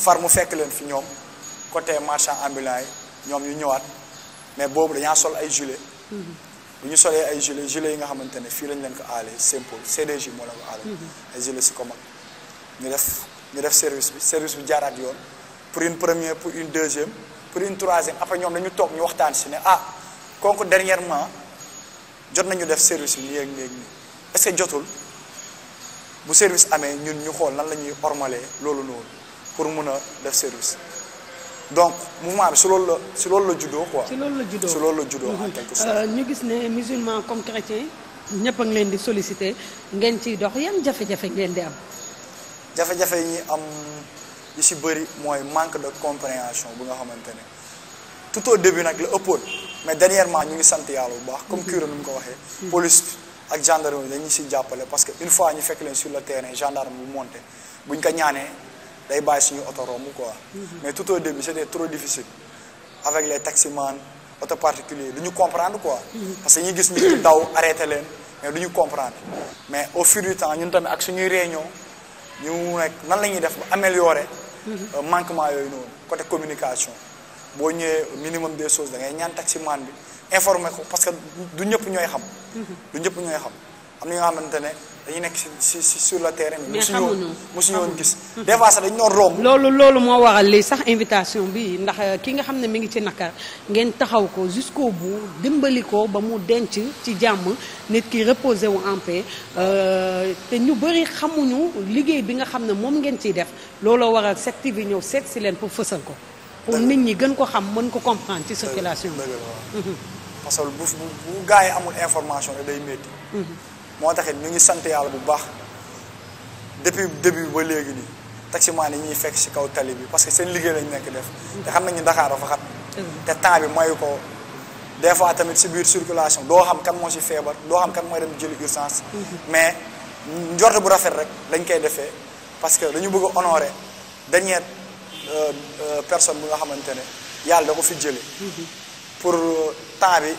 far mu fekk leen fi ñoom côté marchand ambulant ñoom ñu ñëwaat mais boobu dañaa sol ay gilet mm-hmm. bu ñu solee ay gilet gilet yi nga xamante ne fii lañ leen ko aale simple CDJ moo la ko aale mm-hmm. ay gilet si ko mag ñu def ñu def service bi service bu jaaraat yoon pour une première pour une deuxième pour une troisième après ñoom dañu toog ñu waxtaan si ne ah kooku dernièrement jot nañu def service bi léegi léegi nii est-ce que jotul bu service amee ñun ñu xool nan la ñuy ormalee loolu noonu pour mun a def service donc mouvement bi si loolu la si loolu la juddoo quoi. si loolu la juddoo si loolu la juddoo en mhm. quelque sorte. Euh, ñu gis ne musulman comme chrétien ñëpp a leen di sollicité ngeen ciy dox yan jafe-jafe ngeen di am. jafe-jafe yi ñuy am yu si bari mooy manque de compréhension bu nga xamante ne tout au début nag la ëppoon mais dernièrement ñu ngi sant yàlla bu baax comme mhm. curé nu mu ko waxee. Mhm. police ak gendarmerie dañu si jàppale parce que une fois ñu fekk leen sur le terrain gendarme bu monté buñ ko ñaanee. day bàyyi suñu oto romb quoi. Mhm. mais tout au début c'était trop difficile avec les taximans auto particulier du ñu comprendre quoi. Mhm. parce que ñu gis ñu daw arrêté leen mais du ñu comprendre mais au fur du temps ñun tamit ak suñuy réunion ñu nekk nan la ñuy def ba améliorer. Mhm. Euh, manquement yooyu noonu côté communication boo ñëwee minimum des choses da ngay ñaan taximan bi informer ko parce que du ñëpp ñooy xam. du ñëpp ñooy xam am na ñoo xamante ne. dañuy nekk si si sur le terrain. mais xamuñu mosuñu woon gis. des fois sax dañu doon romb. loolu loolu moo waral lii sax invitation bi ndax euh, ki nga xam ne mi ngi ci nakar ngeen taxaw ko jusqu'au bu dimbali ko ba mu denc ci jàmm nit ki reposé wu en paix euh, te ñu bëri xamuñu liggéey bi nga xam ne moom ngeen ciy def looloo waral 7TV ñëw seet si leen pour fësal ko. pour nit ñi gën ko xam mën ko comprendre ci circulation bi. parce bu bu gaa yi amul information rek moo taxit ñu ngi sant yàlla bu baax depuis début ba léegi nii taximaan yi ñuy fekk si kaw tali bi parce que seen liggéey lañu nekk def te xam nañu Dakar dafa xat mm-hmm. te temps bi mayu ko des fois tamit si biir circulation doo xam kan moo si feebar doo xam kan mooy dem jëli urgence mm-hmm. mais njort bu rafet rek lañ koy defee parce que dañu bëgg a honorer euh, euh, personne bi nga xamante ne yàlla da ko fi jële mm-hmm. pour temps bi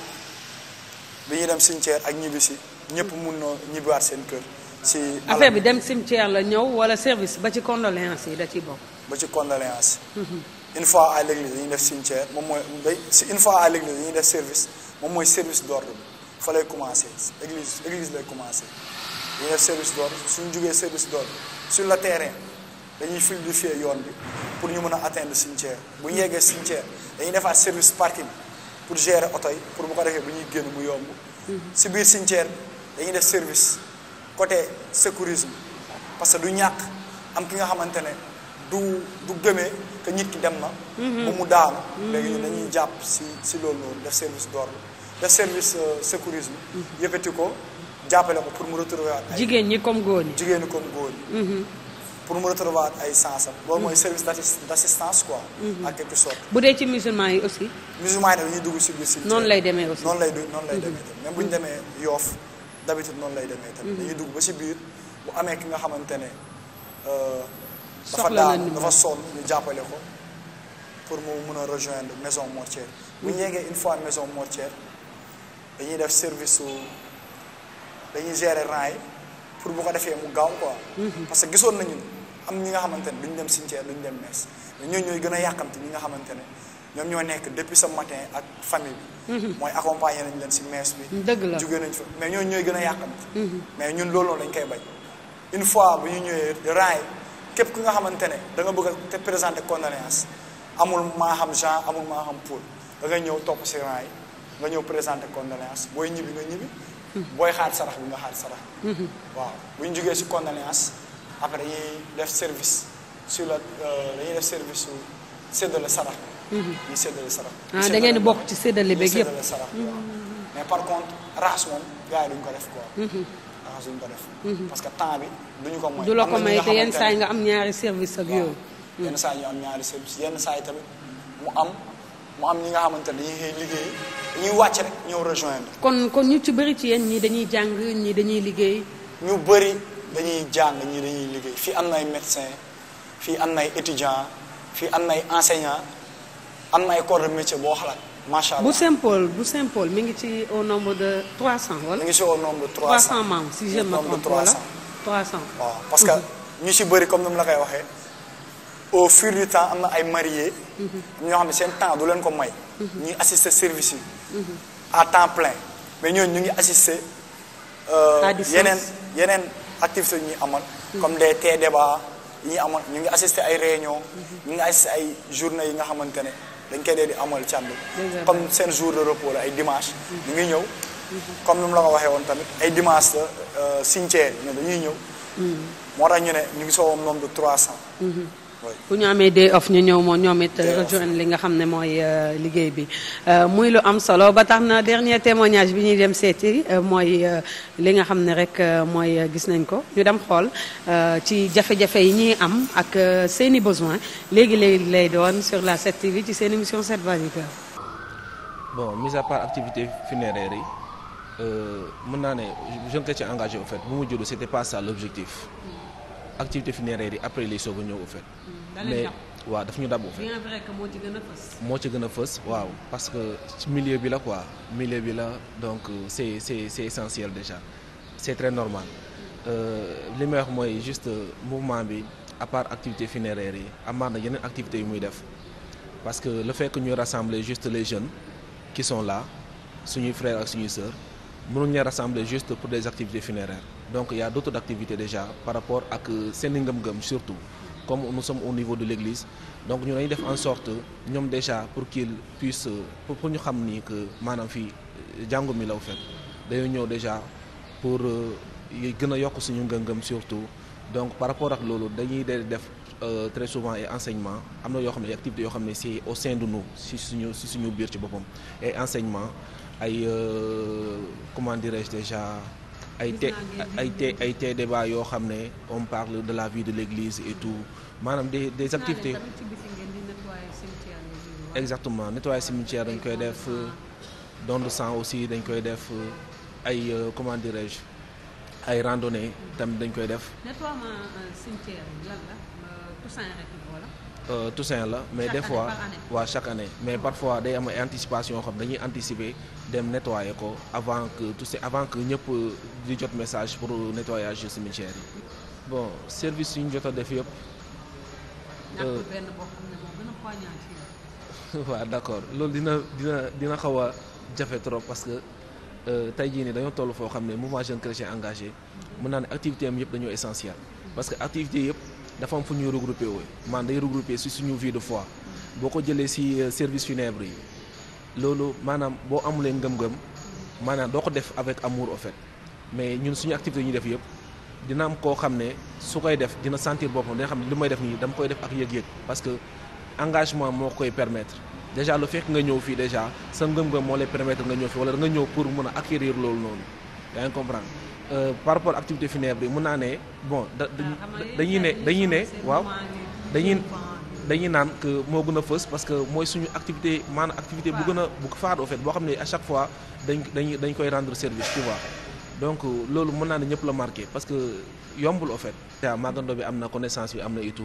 bi ñuy dem cimetière ak ñibbi si ñëpp mun na ñibbiwaat seen kër. si affaire bi dem cimetière la ñëw wala service ba ci condoléance yi da ciy bokk. ba ci condoléance. Mhm. une fois à l'église dañuy def cimetière moom mooy si une fois à l'église dañuy def service moom mooy service d'ordre bi fa lay commencé église église lay commencé dañuy def service d'ordre suñu jugee service d'ordre sur le terrain dañuy fluidifier yoon bi pour ñu mën a atteindre cimetière bu ñu yeggee cimetière dañuy defaat service parking pour gérer oto yi pour bu ko defee bu ñuy génn mu yomb. Mhm. si biir cimetière bi. dañuy def service côté secourisme parce que du ñàkk am ki nga xamante ne du du gëmee que nit ki dem na. Mhm. ba mu daanu. Mhm. léegi ñun dañuy jàpp si si lool noonu def service d'ordre def service euh, secourisme. Mhm. yëkkati ko jàppale ko pour mu retrouver waat jigéen ñi comme góor ñi jigéen ñi comme góor ñi. pour mu retrouver waat ay sens am. loolu mooy service d'assistance quoi. en quelque sorte. bu dee ci musulman yi aussi. musulman yi dañuy dugg si noonu lay demee aussi noonu lay du noonu lay demee. même bu ñu demee yoof d'habitude noonu lay demee tamit. Mm-hmm. dañuy dugg ba si biir bu amee ki nga xamante ne. Euh, dafa daan dafa sonn ñu jàppale ko pour mu mun a rejoindre maison mortière. bu ñu mm-hmm. yeggee une fois maison mortière dañuy def service su dañuy gérer rang yi pour bu ko defee mu gaaw quoi. Mm-hmm. parce que gisoon nañu am ñi nga xamante ne duñ dem cimetière duñ dem messe ñooñu ñooy gën a yàkkamti ñi nga xamante ne. ñoom ñoo nekk depuis ce matin ak famille bi. Mhm. mooy accompagner nañ leen si messe bi. dëgg la jugee mais ñooñu ñooy gën a yàqamti. Mhm. mais ñun loolu lañ koy bañ. une fois bu ñu ñëwee raay képp ki nga xamante ne da bëgg a te présenter condoléance amul maa xam Jean amul maa xam Paul da nga ñëw topp si raay nga ñëw présenter condoléance booy ñibbi nga ñibbi. Mhm. booy xaar sarax bi nga xaar sarax. waaw bu ñu jugee si condoléance après dañuy def service sur la euh, dañuy def service su séddale ñuy séddale sarax. ah da ngeen bokk ci séddale beeg yëpp ñuy séddale sarax. mais par contre raxas moom gars duñ ko def quoi. Mhm. raxas duñ ko def. Mhm. parce que temps bi duñu ko may. du la ko may te yenn saa yi nga am ñaari service ak yooyu. Mhm. yenn saa yi ñu am ñaari service yenn saa yi tamit mu am mu am ñi nga xamante ne dañuy liggéey dañuy wàcc rek ñëw rejoindre. kon kon ñu ci bëri ci yéen ñi dañuy jàng ñii dañuy liggéey. ñu bëri dañuy jàng ñi dañuy liggéey fii am na ay médecins fii am na ay étudiants fii am na ay am na ay corps de métier boo xalaat macha allah bu simple bu simple mi ngi ci au nombre de 300 wala. mi ngi ci au nombre de 300 300 me trompe wala 300. waaw parce que ñu ci bëri comme ni mu la koy waxee au fil du temps am na ay mariés. Mhm. ñoo xam ne seen temps du leen ko may. Mhm. ñuy assister service yi. Mhm. à temps plein mais ñooñu ñu ngi assister. Euh, à distance yeneen yeneen activités yu ñuy amal. comme des thé débats yi ñuy amal ñu ngi assister ay réunions. ñu ngi assister ay journées yi nga xamante ne. dañ koy dee di amal càndu comme seen jour de repos la ay dimanche mm-hmm. ñu ngi ñëw mm-hmm. comme ni mu la ko waxee woon tamit ay dimanche la euh, cimetière ñoom dañuy ñëw mm-hmm. moo tax ñu ne ñu ngi soo am nombre de trois cents ku ñu amee day off ñu ñëw moom ñoom it rejoindre li nga xam ne mooy euh, liggéey bi euh, muy lu am solo ba tax na dernier témoignage bi ñuy dem seeti euh, mooy li nga xam ne rek mooy gis nañ ko ñu dem xool ci jafe-jafe yi ñuy am ak seeni besoin léegi-léegi lay doon sur la 7TV ci seen émission 7 voix du cœur mis à part activité funéraire yi mën naa ne jeune ci engagé au fait bu mu juddu c'était pas ça l'objectif activité funéraire yi après li soog a ñëw au fait mais waaw daf ñu dabu. bien moo ci gën a fës. waaw parce que ci bi la quoi milieu bi la donc euh, c'est c'est c'est essentiel déjà c'est très normal euh, li may wax mooy juste euh, mouvement bi à part activité funéraire yi amaan na yeneen activités yi muy def parce que lu fekk que ñuy rassembler juste les jeunes qui sont là suñuy frères ak suñuy sœurs mënuñu ñu rassembler juste pour des activités funéraire donc il y activité d'autres déjà par rapport ak seen ngëm-ngëm surtout. comme nous some au niveau de l'église donc ñu dañuy def en sorte ñoom déjà pour qu'ils puissent pour ñu xam ni que maanaam fii euh, jàngu mi law fekk dañoo ñëw déjà pour euh, gën a yokk suñu ngëm-ngëm surtout donc par rapport ak loolu dañuy dee def euh, très souvent ay enseignement am na yoo xam ne activités yoo xam ne si au sein de nous si suñu suñu biir ci boppam et enseignement ay comment dirais-je déjà ay te ay te ay te débat yoo xam ne on parle de la vie de l'église et tout maanaam des des activités exactement nettoyer cimetière dañ koy def don de sang aussi dañ koy def ay euh, comment dirais-je ay randonnée tamit dañ koy def Euh, Toussaint la mais des fois waaw chaque année mais parfois day am anticipation yoo xam dañuy anticiper dem nettoyer ko avant que Toussaint avant que ñëpp euh, di jot message pour euh, nettoyage yu cimetière yi bon service yu ñu jot a def yëpp. waaw d'accord loolu dina dina dina xaw a jafe trop parce que tey jii nii dañoo toll foo xam ne mouvement jeune chrétien engagé mm-hmm. mën naa ne activité yëpp dañoo essentiel mm-hmm. parce que activité yëpp. dafa am fu ñuy regroupé woo man day regroupé si suñu vie fois foi boo ko jëlee si euh, service funèbre yi loolu maanaam boo amulee ngëm-ngëm maanaam doo ko def avec amour au fait mais ñun suñu activité ñu def yëpp dina am koo xam ne su koy def dina sentir boppam dina xam ne li may def nii dama koy def ak yëg-yëg parce que engagement moo koy permettre déjà lu fekk nga ñëw fii déjà sa ngëm-ngëm moo lay permettre nga ñëw fii wala nga ñëw pour mën a acquérir loolu noonu yaa Euh, par rapport activité funèbre yi mun naa ne bon da ah, dañuy ne dañuy ne waaw dañuy dañuy naan que moo gën a fës parce que mooy suñu activité maanaam activité bu gën a bu faat au fait boo xam ne à chaque fois dañ dañ dañ koy rendre service tu vois donc euh, loolu mun naa ne ñëpp la marqué parce que yombul au fait. waaw bi am na connaissance bi am na et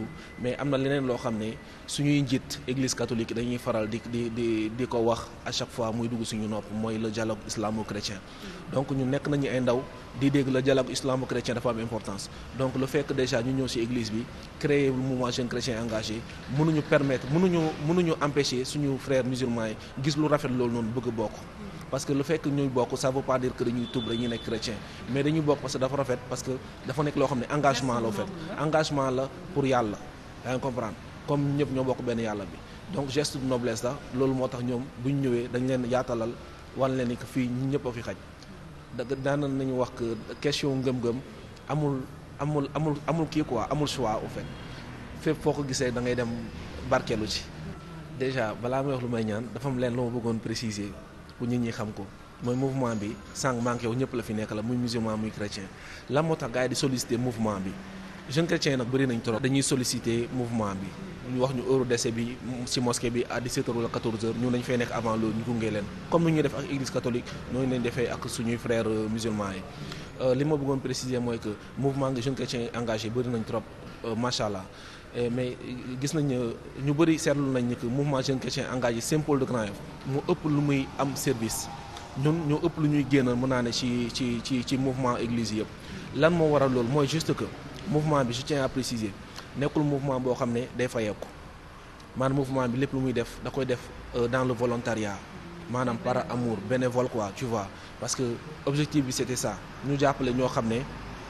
mais am na leneen loo xam ne suñuy njiit église catholique dañuy faral di di di di ko wax à chaque fois muy dugg suñu nopp mooy le dialogue islamo-chrétien. donc ñu nekk nañu ay ndaw di dégg le dialogue islamo-chrétien dafa am importance donc lu fekk que déjà ñu ñëw ci église bi créer mouvement jeune chrétien engagé mënuñu permettre mënuñu mënuñu empêcher suñu frères musulmans yi gis lu rafet loolu noonu bëgg bokk. parce que lu fekk ñuy bokk ça veut pas dire a dañuy tub dañuy nekk chrétien mais dañuy bokk parce que dafa que dafa nekk loo xam ne engagement la fait engagement la pour yàlla yaa ngi comprendre comme ñëpp ñoo bokk benn yàlla bi donc geste de noblesse la loolu moo tax ñoom bu ñu ñëwee dañ leen yaatalal wan leen ni que fii ñi ñëpp a fi xaj daana nañu wax que question ngëm-ngëm amul amul amul amul kii quoi amul choix u fait fépp foo ko gisee da ngay dem barkeelu ci déjà balaa may wax lu may ñaan dafa am leen lu bëggoon préciser pour nit ñi xam ko mooy mouvement bi sànq manqué wu ñëpp la fi nekk la muy musulman muy chrétien lan moo tax gars yi di solliciter mouvement bi jeune chrétien yi nag bëri nañ trop. dañuy solicité mouvement bi ñu wax ñu heure décès bi ci mosquée bi à 17h wala 14h ñun dañu fay nekk avant loolu ñu gunge leen comme ni ñuy def ak église catholique noonu lañ defee ak suñuy frères euh, musulmans yi. Euh, li ma bëggoon préciser mooy que mouvement nga jeune chrétien engagé bëri nañ trop euh, macha allah. Eh, mais eh, gis nañ eh, ñu bari seetlu nañ ni que mouvement jeune chrétien engagé Saint-Paul de Grand-Yoff mu ëpp lu muy am service ñun ñu ëpp lu ñuy génn mën naa ne ci ci ci ci mouvement église yëpp lan moo waral loolu mooy juste que mouvement bi je tiens à préciser nekkul mouvement boo xam ne day fayeeku maanaam mouvement bi lépp lu muy def da koy def euh, dans le volontariat maanaam par amour bénévole quoi tu vois parce que objective bi de ça ñu jàppale ñoo xam ne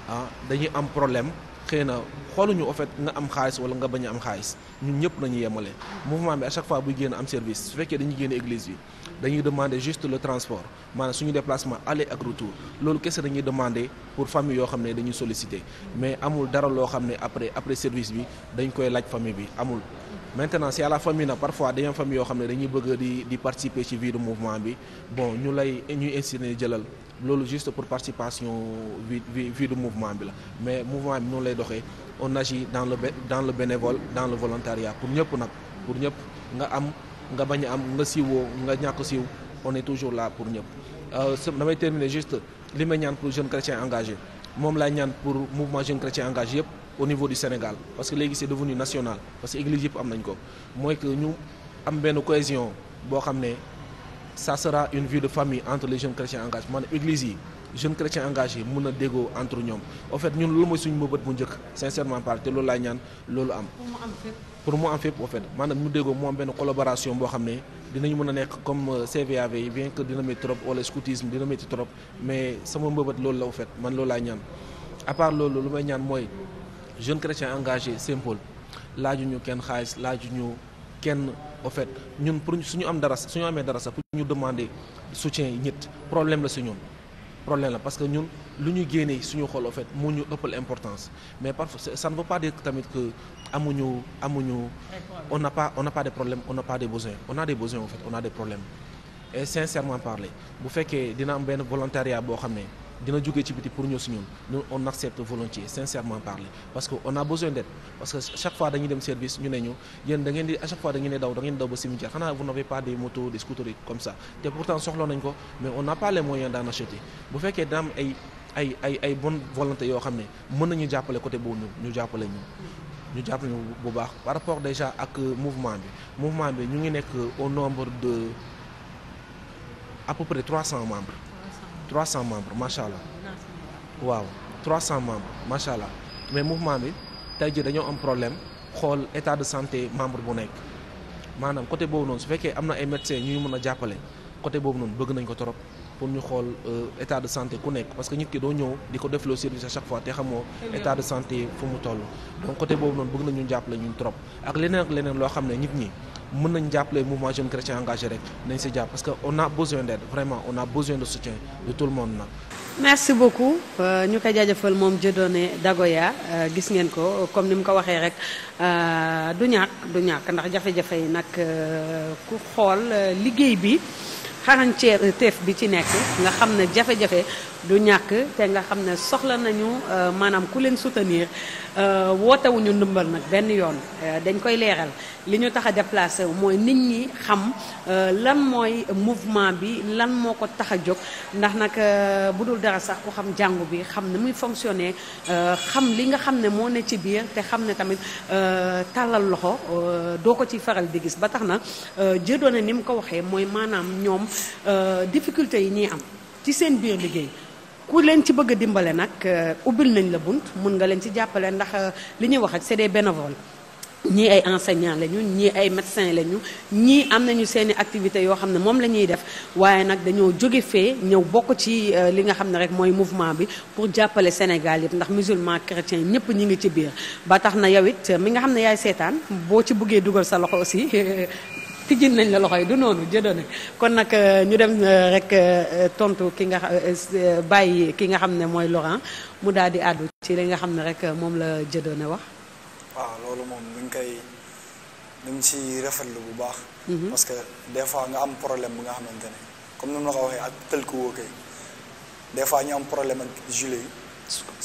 ah dañuy am problème xëy na xooluñu au fait nga am xaalis wala nga bañ a am xaalis ñun ñëpp nañu yemale mouvement bi à chaque fois buy génn am service su fekkee dañuy génn église bi dañuy demander juste le transport maanaam suñu déplacement aller ak retour loolu kese dañuy demander pour famille yoo xam ne dañuy solliciter mais amul dara loo xam ne après après service bi dañ koy laaj famille bi amul maintenant c'est la famille nag parfois dañoo am famille yoo xam ne dañuy bëgg di di participer ci vie de mouvement bi bon ñu lay ñuy inciter jëlal loolu juste pour participation vie vie mouvement bi la mais mouvement bi noonu lay doxee on agit dans le dans le bénévole dans le volontariat pour ñëpp nag pour ñëpp nga am nga bañ a am nga siiwoo nga ñàkk siiw on est toujours là pour ñëpp. Euh, damay terminer juste li may ñaan pour jeunes chrétiens engagés moom laay ñaan pour mouvement jeunes chrétiens engagés yëpp au niveau du Sénégal parce que léegi c'est devenu national parce que église yëpp am nañ ko mooy que ñu am benn cohésion boo xam ne. ça sera une vie de famille entre les jeunes chrétiens engagés maanaam église yi jeunes chrétiens engagés yi mun na déggoo entre ñoom en ñun loolu mooy suñu mëbët bu njëkk sincèrement parlé te loolu laay ñaan loolu am. pour fépp en maanaam ñu déggoo mu benn collaboration boo xam ne dinañu mën a nekk comme euh, CVAV que dina métti trop wala mais sama mbëbët loolu la en fait man loolu laay ñaan à part loolu lu may ñaan mooy jeune chrétien engagé simple laaju ñu kenn xaalis laaju ñu kenn au fait ñun pour suñu am dara suñu amee dara sax pour ñu demander soutien yi ñett problème la si ñun problème la parce que ñun lu ñu génnee suñu xol au fait moo ñu ëppal importance mais parfois ça ne veut tamit que amuñu amuñu on a pas on n'a pas des problèmes on n'a pas des besoins on a des besoins au on a des problèmes et sincèrement parler bu fekkee dina am benn volontariat boo xam ne dina jógee ci biti pour ñëw si ñun ñun on accepte volontiers sincèrement parler parce que on a besoin d'aide parce que chaque fois dañuy dem service ñu ne ñu yéen da ngeen di à chaque fois da ngeen di daw da di daw ba cimetière xanaa vous n'avez pas des motos des scooters comme ça te pourtant soxla nañ ko mais on n'a pas les moyens d'en acheter bu fekkee daa am ay ay ay ay bonne volonté yoo xam ne mën nañu jàppale côté boobu ñu ñu jàppale ñu. ñu jàppale ñu bu baax par rapport déjà ak mouvement bi mouvement bi ñu ngi nekk au nombre de à peu près 300 cent membres macha allah. waaw 300 membres macha allah mais mouvement bi tey jii dañoo am problème xool état de santé membre bu nekk maanaam côté boobu noonu su fekkee am na ay médecins ñu mën a jàppale côté boobu noonu bëgg nañ ko trop. pour ñu xool euh, état de santé ku nekk parce que nit ki doo ñëw di ko defloo service à chaque fois te xamoo état de santé fu mu toll donc côté boobu noonu bëgg nañu jàppale ñun trop ak leneen ak leneen loo xam ne nit ñi mun nañ jàppale mouvement jeune chrétien engagé rek nañ si jàpp parce que on a besoin d'aide vraiment on a besoin de soutien de tout le monde nag. merci beaucoup euh, ñu koy jaajëfal moom Dieudonné Dagoya euh, gis ngeen ko comme ni mu ko waxee rek euh, du ñàkk du ñàkk ndax jafe-jafe yi nag ku xool liggéey bi. xarañceer teef bi ci nekk nga xam ne jafe-jafe du ñàkk te nga xam ne soxla nañu euh, maanaam ku leen soutenir euh, wootewuñu ndimbal nag benn yoon euh, dañ koy leeral li ñu tax a déplacé wu mooy nit ñi xam lan mooy mouvement bi lan moo ko tax a jóg ndax nag bu dul dara sax ku xam jàngu bi xam ne muy fonctionner xam li nga xam ne moo ne ci biir te xam ne tamit tàllal loxo doo ko ci faral di gis ba tax na jëdoone ni mu ko waxee mooy maanaam ñoom Euh, difficulté yi ñuy am ci seen biir liggéey ku leen ci bëgg a dimbale nag euh, ubbil nañ la bunt mun nga leen ci jàppale ndax euh, li ñuy wax ak c'est des bénévoles ñii ay enseignants lañu ñii ay médecins lañu ñii am nañu seeni activités yoo xam ne moom la ñuy def waaye nag dañoo jóge fee ñëw bokk ci li nga xam ne rek mooy mouvement bi pour jàppale Sénégal yëpp ndax musulman chrétien ñëpp ñi ngi ci biir. ba tax na yow it mi nga xam ne yaay seetaan boo ci buggee dugal sa tijjil nañ la loxo yi du noonu jëdoone kon nag euh, ñu dem euh, rek euh, tontu ki nga xam bàyyi ki nga xam ne mooy Laurent mu daal di àddu ci li nga xam ne rek moom la ne wax waaw loolu moom dañ koy dañ ci rafetlu bu baax mhm. parce que des fois nga am problème bu nga xamante ne comme ni ma ko waxee ak tël ku wookee des fois ñu am problème ak gilet yi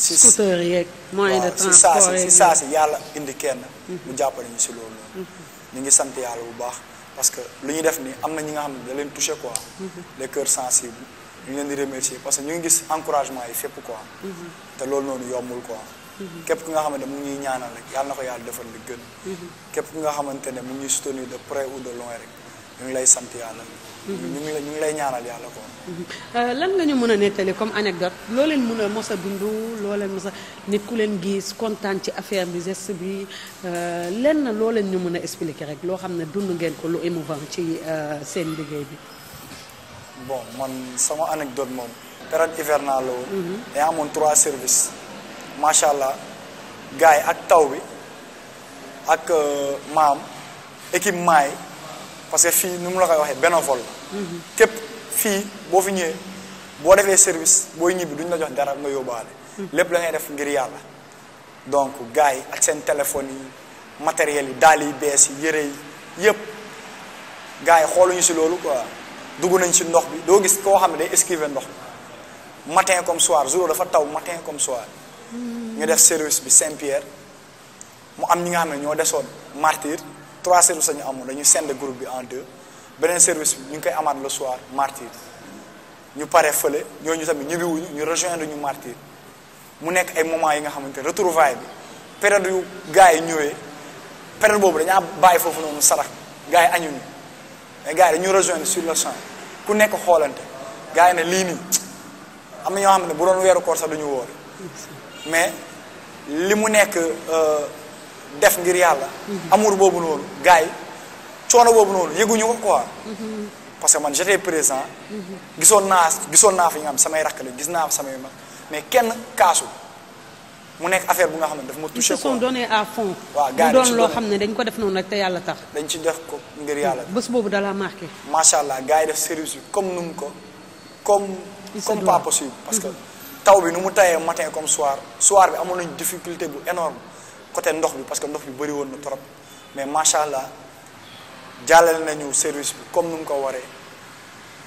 si scooter yeeg moyen de transport si saa si yàlla indi kenn mu mhm. jàppale ñu si loolu mhm. ñu ngi sant yàlla bu baax parce que lu ñuy def nii am na ñi nga xam ne da leen touché quoi. Mm-hmm. les cœurs sensibles ñu leen di remercier parce que ñu ngi gis encouragement yi fépp quoi. Mm-hmm. te loolu noonu yombul quoi. Mm-hmm. képp ki nga xamante ne mu ngi ñuy ñaanal rek yàlla na ko yàlla defal li gën. képp ki nga xamante ne mu ngi ñuy soutenir de près ou de loin rek ñu ngi lay sant yàlla. ñu ngi lay ñu ñaanal yàlla ko euh, lan nga ñu mën a nettali comme anecdote loo leen mën a mos a dund loo leen mos a nit ku leen gis kontaan ci affaire bi geste bi euh, lenn loo leen ñu mën a expliquer rek loo xam ne dund ngeen ko lu émouvant ci euh, seen liggéey bi. bon man sama anecdote moom. période hivernale la woon. dañ mhm. amoon trois service macha allah gars yi ak taw bi ak maam équipement yi. parce que fii nu mu la koy waxee bénévole la. képp fii boo fi ñëwee boo defee service boo ñibbi duñ la jox dara nga yóbbaale. lépp la ngay def ngir yàlla. donc gars yi ak seen téléphone yi matériels yi daal yi bees yi yëre yi yëpp gars yi xooluñu si loolu quoi dugg nañ si ndox bi doo gis koo xam ne day esquiver ndox bi matin comme soir jour dafa taw matin comme soir. ñu def service bi Saint-Pierre mu am ñi nga xam ne ñoo desoon martyr. trois services la ñu amoon dañu scinder groupe bi en deux beneen service bi ñu ngi koy amaat le soir martyr ñu pare fële ñooñu tamit ñibbiwuñu ñu rejoindre ñu martyr mu nekk ay moments yi nga xamante ne retrouvaille bi période yu gars yi ñëwee période boobu dañaa bàyyi foofu noonu sarax gars yi añuñu mais gars yi dañu rejoindre sur le champ ku nekk xoolante gars yi ne lii nii am na ñoo xam ne bu doon weeru koor sax duñu wóor mais li mu nekk euh, def ngir yàlla. Mhm. amul boobu noonu gars yi coono boobu noonu yëguñu ko quoi. Mhm. parce que man j'étais présent. Mhm. gisoon naa gisoon naa fi nga xam samay rakk la gis naa fi samay mag mais kenn kaasu mu nekk affaire bu nga xam ne daf ma touché. quoi ils se sont donnés à fond. loo xam ne dañ ko def noonu rek yàlla tax. dañ ci def ko ngir yàlla. bés boobu da la marqué. macha allah gars yi def service bi comme nu mu ko comme. comme pas possible. parce que taw bi nu mu tayee matin comme soir. soir bi amoon nañu difficulté bu énorme côté ndox bi parce que ndox bi bëri woon na trop mais macha allah jàllale nañu service bi comme nu mu ko waree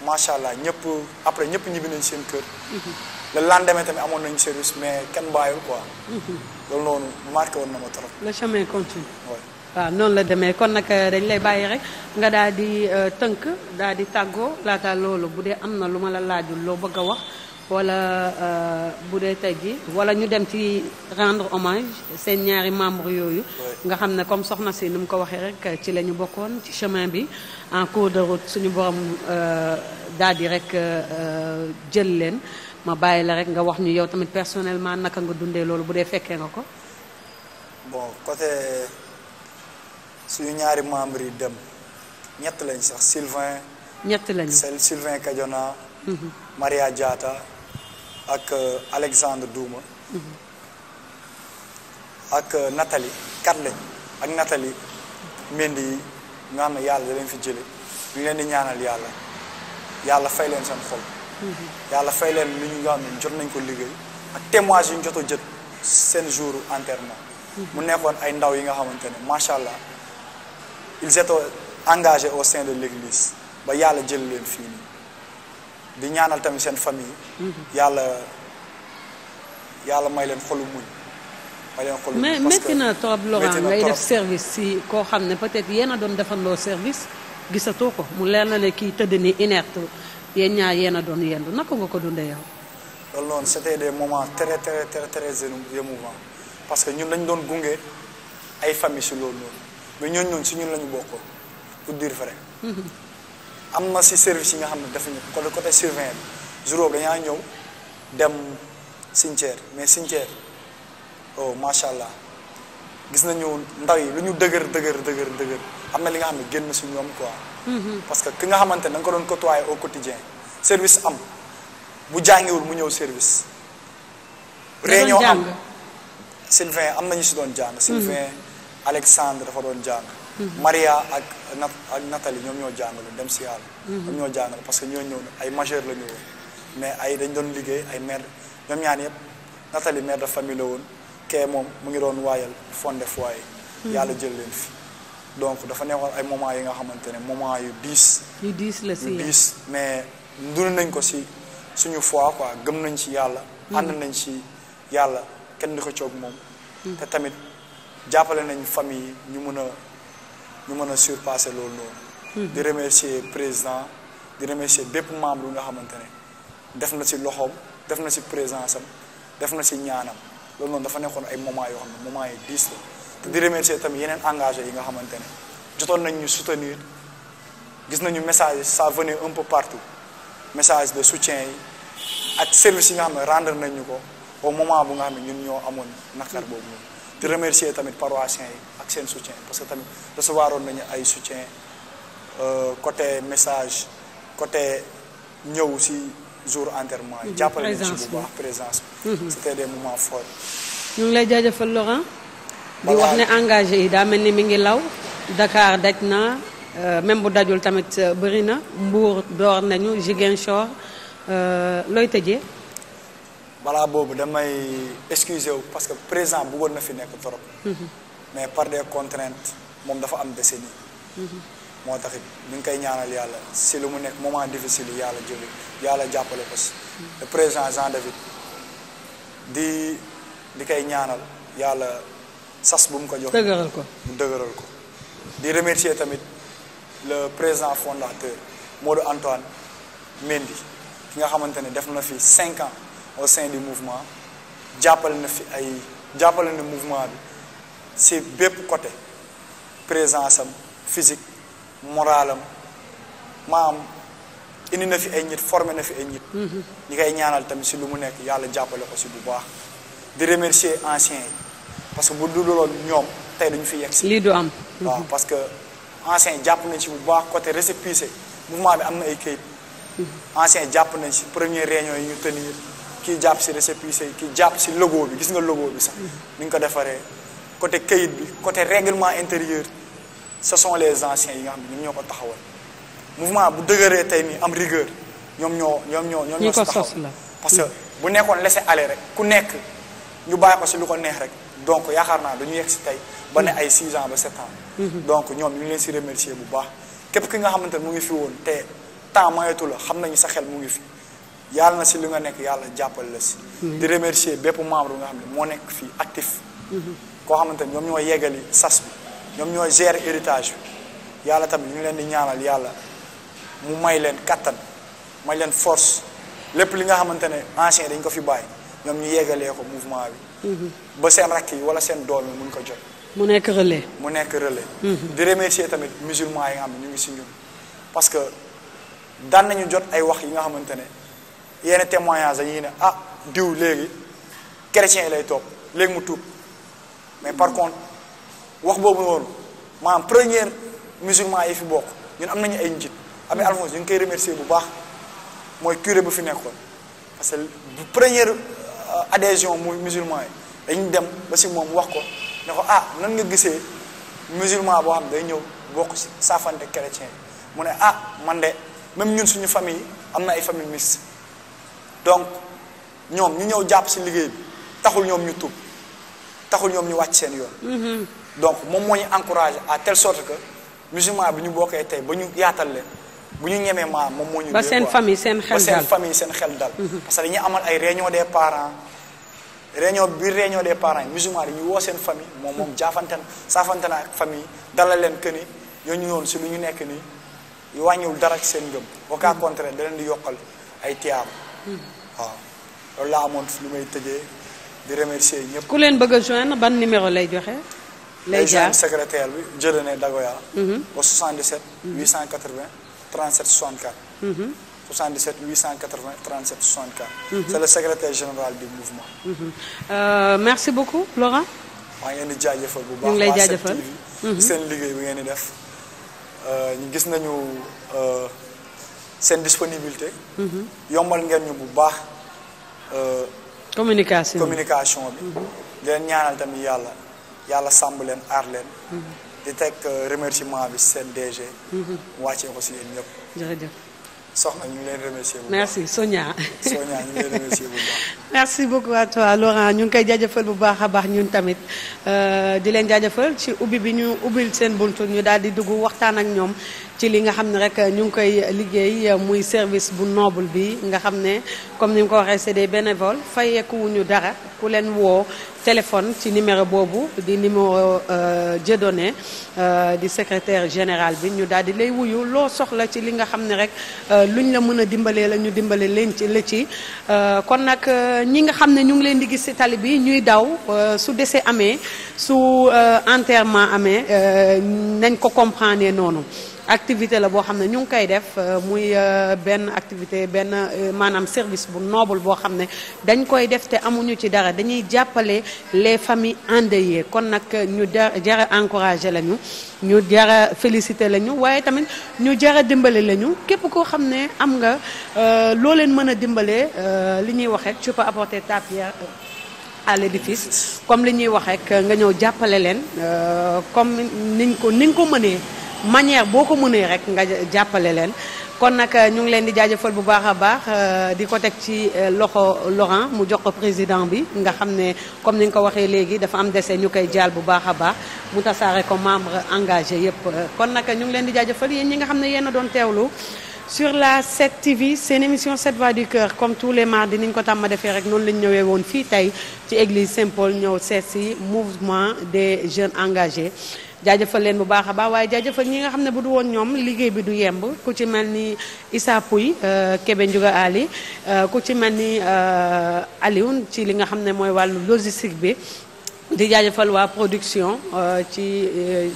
macha allah ñëpp après ñëpp ñibbi nañ seen kër. Mhm. le deme tamit amoon nañu service mais kenn bàyyiwul quoi. Mhm. loolu noonu marqué woon na ma trop. le chemin continue. waaw ah, noonu la demee kon nag euh, dañ lay bàyyi rek nga daal di euh, tënk daal di tàggoo laata loolu bu dee am na lu ma la laajul loo bëgg a wax. wala euh, bu dee tey ji wala ñu dem ci rendre hommage seen ñaari membre yooyu nga xam ne comme soxna si ni mu ko waxee rek ci la ñu bokkoon ci chemin bi en cours de route suñu borom euh, daal di rek euh, jël leen ma bàyyi la rek nga wax ñu yow tamit personnellement naka nga dundee loolu bu dee fekkee nga ko bon côté suñu ñaari membre yi dem ñett lañ sax Sylvain ñett lañ Sylvain Kadiona mhm. Maria Diatta ak euh, Alexandre duuma mm-hmm. ak euh, Nathalie kat lañ ak Nathalie Mendy yi nga xam ne yàlla da fi jële ñu leen di ñaanal yàlla yàlla fay leen seen xol mm-hmm. yàlla fay leen lu ñu nga xam ne jot nañ ko liggéey ak témoignage yi ñu a jët seen jour enterrement mm-hmm. mu nekkoon ay ndaw yi nga xamante ne macha allah il étaient engagés au sein de l'église ba yàlla jël leen fii nii di ñaanal tamit seen famille yàlla yàlla may leen xolu muñ may leen xolu mais métti na trop Laurent ngay def service si koo xam ne peut-être yéen a doon defandoo service gisatoo ko mu leen na ne kii tëdd ni inerte yéen ñaar yéen a doon yendu nakk nga ko dundee yow loolu noonu c'était des moments très très très très émouvants parce que ñun lañ doon gunge ay famille si loolu noonu mais ñooñu noonu si ñun lañu bokk bokkoon pour dire vrai mhm. am na si service yi nga xam ne dafa ñu côté surveillant bi jour boobu dañaa ñëw dem cimetière mais cimetière oh macha allah gis na nañu ndaw yi lu ñu dëgër dëgër dëgër dëgër am na li nga xam ne génn si ñoom quoi. Mm-hmm. parce que ki nga xamante ne da nga ko doon côtoyer au quotidien service am bu jàngiwul mu ñëw service. réunion am Sylvain am na ñu si doon jàng. Mm-hmm. Sylvain Alexandre dafa doon jàng. Mm-hmm. Maria ak na ak Nathalie ñoom ñoo jàngale dem si yàlla. Mm-hmm. ñoom ñoo jàngale parce que ñoo ñëw ay majeur la ñu woon mais ay dañ doon liggéey ay mère ñoom ñaan yëpp Nathalie mère de famille la woon kee moom mu ngi doon waayal fondé foyer. Mm-hmm. yàlla jël leen fi. donc dafa neexoon ay moment yi nga xamante ne moment yu diis. yu diis la si diis mais dund nañ ko si suñu foi quoi gëm nañ ci yàlla. ànd nañ ci yàlla kenn di ko coog moom. te tamit jàppale nañ famille yi ñu mën ñu mën a surpasser loolu noonu. di remercier président di remercier bépp membre nga xamante ne def na si loxoom def na si présence am def na si ñaanam loolu noonu dafa nekkoon ay moment yoo xam ne moment yi diis la te di remercier tamit yeneen engagé yi nga xamante ne jotoon nañ ñu soutenir gis nañu message ça venait un peu partout message de soutien yi ak service yi nga xam ne rendre nañ ñu ko au moment bu nga xam ne ñun ñoo amoon naqar boobu noonu di remercier tamit paroissiens yi. ak seen soutien parce que tamit recevoir oon nañu ay soutien euh, côté message côté ñëw si jour enterrement yi mhm, jàppale nañu si bu baax présence bi mhm. c'était des moments forts ñu ngi lay jaajëfal Laurent di wax ne engagé yi daa mel ni mi ngi law dakaar daj na euh, même bu dajul tamit euh, bëri na Mbour door nañu Ziguinchor looy tëjee balaa boobu damay excuser wu parce que présent bëggoon na fi nekk trop mhm. mais par des contraintes moom dafa am décennie. moo taxit ñu ngi koy ñaanal yàlla si lu mu nekk moment difficile yi yàlla jëli yàlla jàppale ko si. le président Jean David di di koy ñaanal yàlla sas bu mu ko jox. ko mu dëgëral ko. di remercier tamit le président fondateur Modou Antoine Mendy ki nga xamante ne def na fi cinq ans au sein du mouvement jàppale na fi ay jàppale na mouvement bi. si bépp côté présence am physique morale am maam indi na fi ay nit formé na fi ay nit. Mhm. ñi koy ñaanal tamit si lu mu nekk yàlla jàppale ko si bu baax. di remercier anciens yi parce que bu dul loolu ñoom tey duñu fi yegg si. lii du am. Mhm. waaw parce que anciens jàpp nañ si bu baax côté récépissé mouvement am na ay kayit. Mhm. anciens jàpp nañ si premier réunion yi ñu tenir kii jàpp si récépissé kii jàpp si logo bi gis nga logo bi sax ni ñu ko defaree. côté kayit bi côté réglement intérieur ce sont les anciens yi nga xam ne ñoom ñoo ko taxawal mouvement bu dëgëree tey nii am rigueur ñoom ñoo ñoom ñoo ñoom ñoo si parce que bu nekkoon laisser aller rek ku nekk ñu bàyyi ko si lu ko neex rek donc yaakaar naa dañu yegg si tey ba ne ay 6 ans ba 7 ans mhm. donc ñoom ñu leen si remercier bu baax képp ki nga xamante ne mu ngi fi woon te temps mayetu la xam nañu sa xel mu ngi fi yàlla na si li nga nekk yàlla jàppal la si mhm. di remercier bépp membre nga xam ne moo nekk fii actif mhm. koo xamante ni ñoom ñoo yeggali sas bi ñoom ñoo gérer héritage bi yàlla tamit ñu leen di ñaanal yàlla mu may leen kattan may leen force lépp li nga xamante ne ancien dañ ko fi bàyyi ñoom ñu yeggalee ko mouvement bi. Mhm. ba seen rakk yi wala seen doom mu mun ko jot. mu nekk relais. mu nekk relais. Mhm. di remercier tamit musulman yi nga xam ne ñu ngi si ñun parce que daan nañu jot ay wax yi nga xamante ne yenn témoignage dañuy ne ah diw léegi chrétien yi lay topp léegi mu tuub. mais par contre wax boobu noonu maanaam première musulman yi fi bokk ñun am nañu ay njit Abbé hmm. Alphonse ñu ngi koy remercier bu baax mooy curé bu fi nekkoon parce que bu première euh, adhésion muy musulman yi dañu dem ba si moom wax ko ne ko ah nan nga gisee musulman boo xam ne day ñëw bokk si saafante chrétien mu ne ah man de même ñun suñu famille am na ay famille miss donc ñoom ñu ñëw jàpp si liggéey bi taxul ñoom ñu tuub taxul ñoom ñu wàcc seen yoon. Mm-hmm. donc moom moo ñu encouragé à telle sorte que musulman bi ñu bokkee tey ba ñu yaatal leen bu ñu ñemee maam moom moo ñu. ba seen famille seen xel dal ba seen famille seen xel dal. parce que dañuy amal ay réunion des parents réunion bi réunion des parents yi musulman dañuy woo seen famille moom moom jaafante na saafante na ak famille dalal leen que ni ñoo ñu noonu si lu ñu nekk nii. wàññiwul dara ci seen ngëm oo cas mm-hmm. contraire da leen di yokkal ay tiyaam mm-hmm. waaw loolu laa di remercier ñëpp. ku leen bëgg a ban numéro lay joxe. lay jaar secrétaire bi Dieudonné Dagoya. ba 77. 880 37 64. 77 880 37 64. c'est le secrétaire général du mouvement. Mhm. Euh, merci beaucoup Laurent. maa ngi di jaajëfal bu baax. ñu ngi lay jaajëfal mhm. seen liggéey bi ngeen di def. Euh, ñu gis nañu euh, seen disponibilité. Mhm. yombal ngeen ñu bu baax. Euh, communication communication bi. di leen ñaanal tamit yàlla yàlla sàmb leen aar leen. di teg euh, remerciement bi seen DG. mu wàccee ko si yéen ñëpp. soxna ñu ngi leen remercier bu baax merci Sonia. Sonia ñu ngi leen remercier bu baax. koy jaajëfal bu baax a baax ñun tamit euh, di leen jaajëfal ci ubbi bi ñu ubbil seen buntu ñu daal di dugg waxtaan ak ñoom. ci li nga xam ne rek ñu ngi koy liggéey muy service bu noble bi nga xam ne comme ni nga ko waxee c'est des bénévoles fayeekuwuñu dara ku leen woo téléphone ci numéro boobu di numéro Dieudonné euh, di secrétaire général bi ñu daal di lay wuyu loo soxla ci li nga xam ne rek euh, lu ñu la mën a dimbalee la ñu dimbale leen ci la ci euh, kon nag ñi nga xam ne ñu ngi leen di gis ci tali bi ñuy daw su desee amee su enterment amee nañ ko comprendre noonu activité la boo xam ne ñu ngi koy def euh, muy euh, benn activité benn euh, maanaam service bu noble boo xam ne dañ koy def te amuñu ci dara dañuy jàppale les familles endeuillées kon nag ñu jara encouragé lañu ñu ñu jara félicité la ñu waaye tamit ñu jara dimbale lañu képp koo xam ne am nga loo leen mën a dimbale li ñuy wax rek tu peux apporter ta à l'édifice comme li ñuy wax rek nga ñëw jàppale leen comme niñ ko ni ko mënee manière boo ko mënee rek nga jàppale leen kon nag euh, ñu ngi leen di jaajëfal bu baax a baax euh, di ko teg ci euh, loxo Laurent mu jox ko président bi nga xam ne comme ni nga ko waxee léegi dafa am dese ñu koy jaal bu baax a baax mu tasaare ko membre engagé yëpp kon nag ñu ngi leen di jaajëfal yéen ñi nga xam ne yéen a doon teewlu sur la 7 TV seen émission 7 voix du cœur comme tous les mardis ni ñu ko tàmm defee rek noonu la ñu ñëwee woon fii tey ci église Saint-Paul ñëw seet si mouvement des jeunes engagé jaajëfal leen bu baax a baax waaye jaajëfal ñi nga xam ne bu woon ñoom liggéey bi du yemb ku ci mel ni Issa Pouy euh, Kébé Ndiouga Ali euh, ku ci mel ni euh, Alioune ci li nga xam ne mooy wàllu logistique bi di jaajëfal waa production ci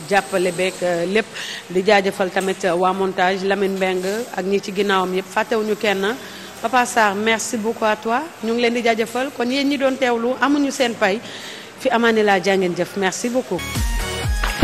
jàppale beeg lépp di jaajëfal tamit waa montage Lamine Mbengue ak ñi ci ginnaawam yëpp fàttewuñu kenn Papa Sarr merci beaucoup à toi ñu ngi leen di jaajëfal kon yéen ñi doon teewlu amuñu seen pay fi amaani laa jàngeen jëf merci beaucoup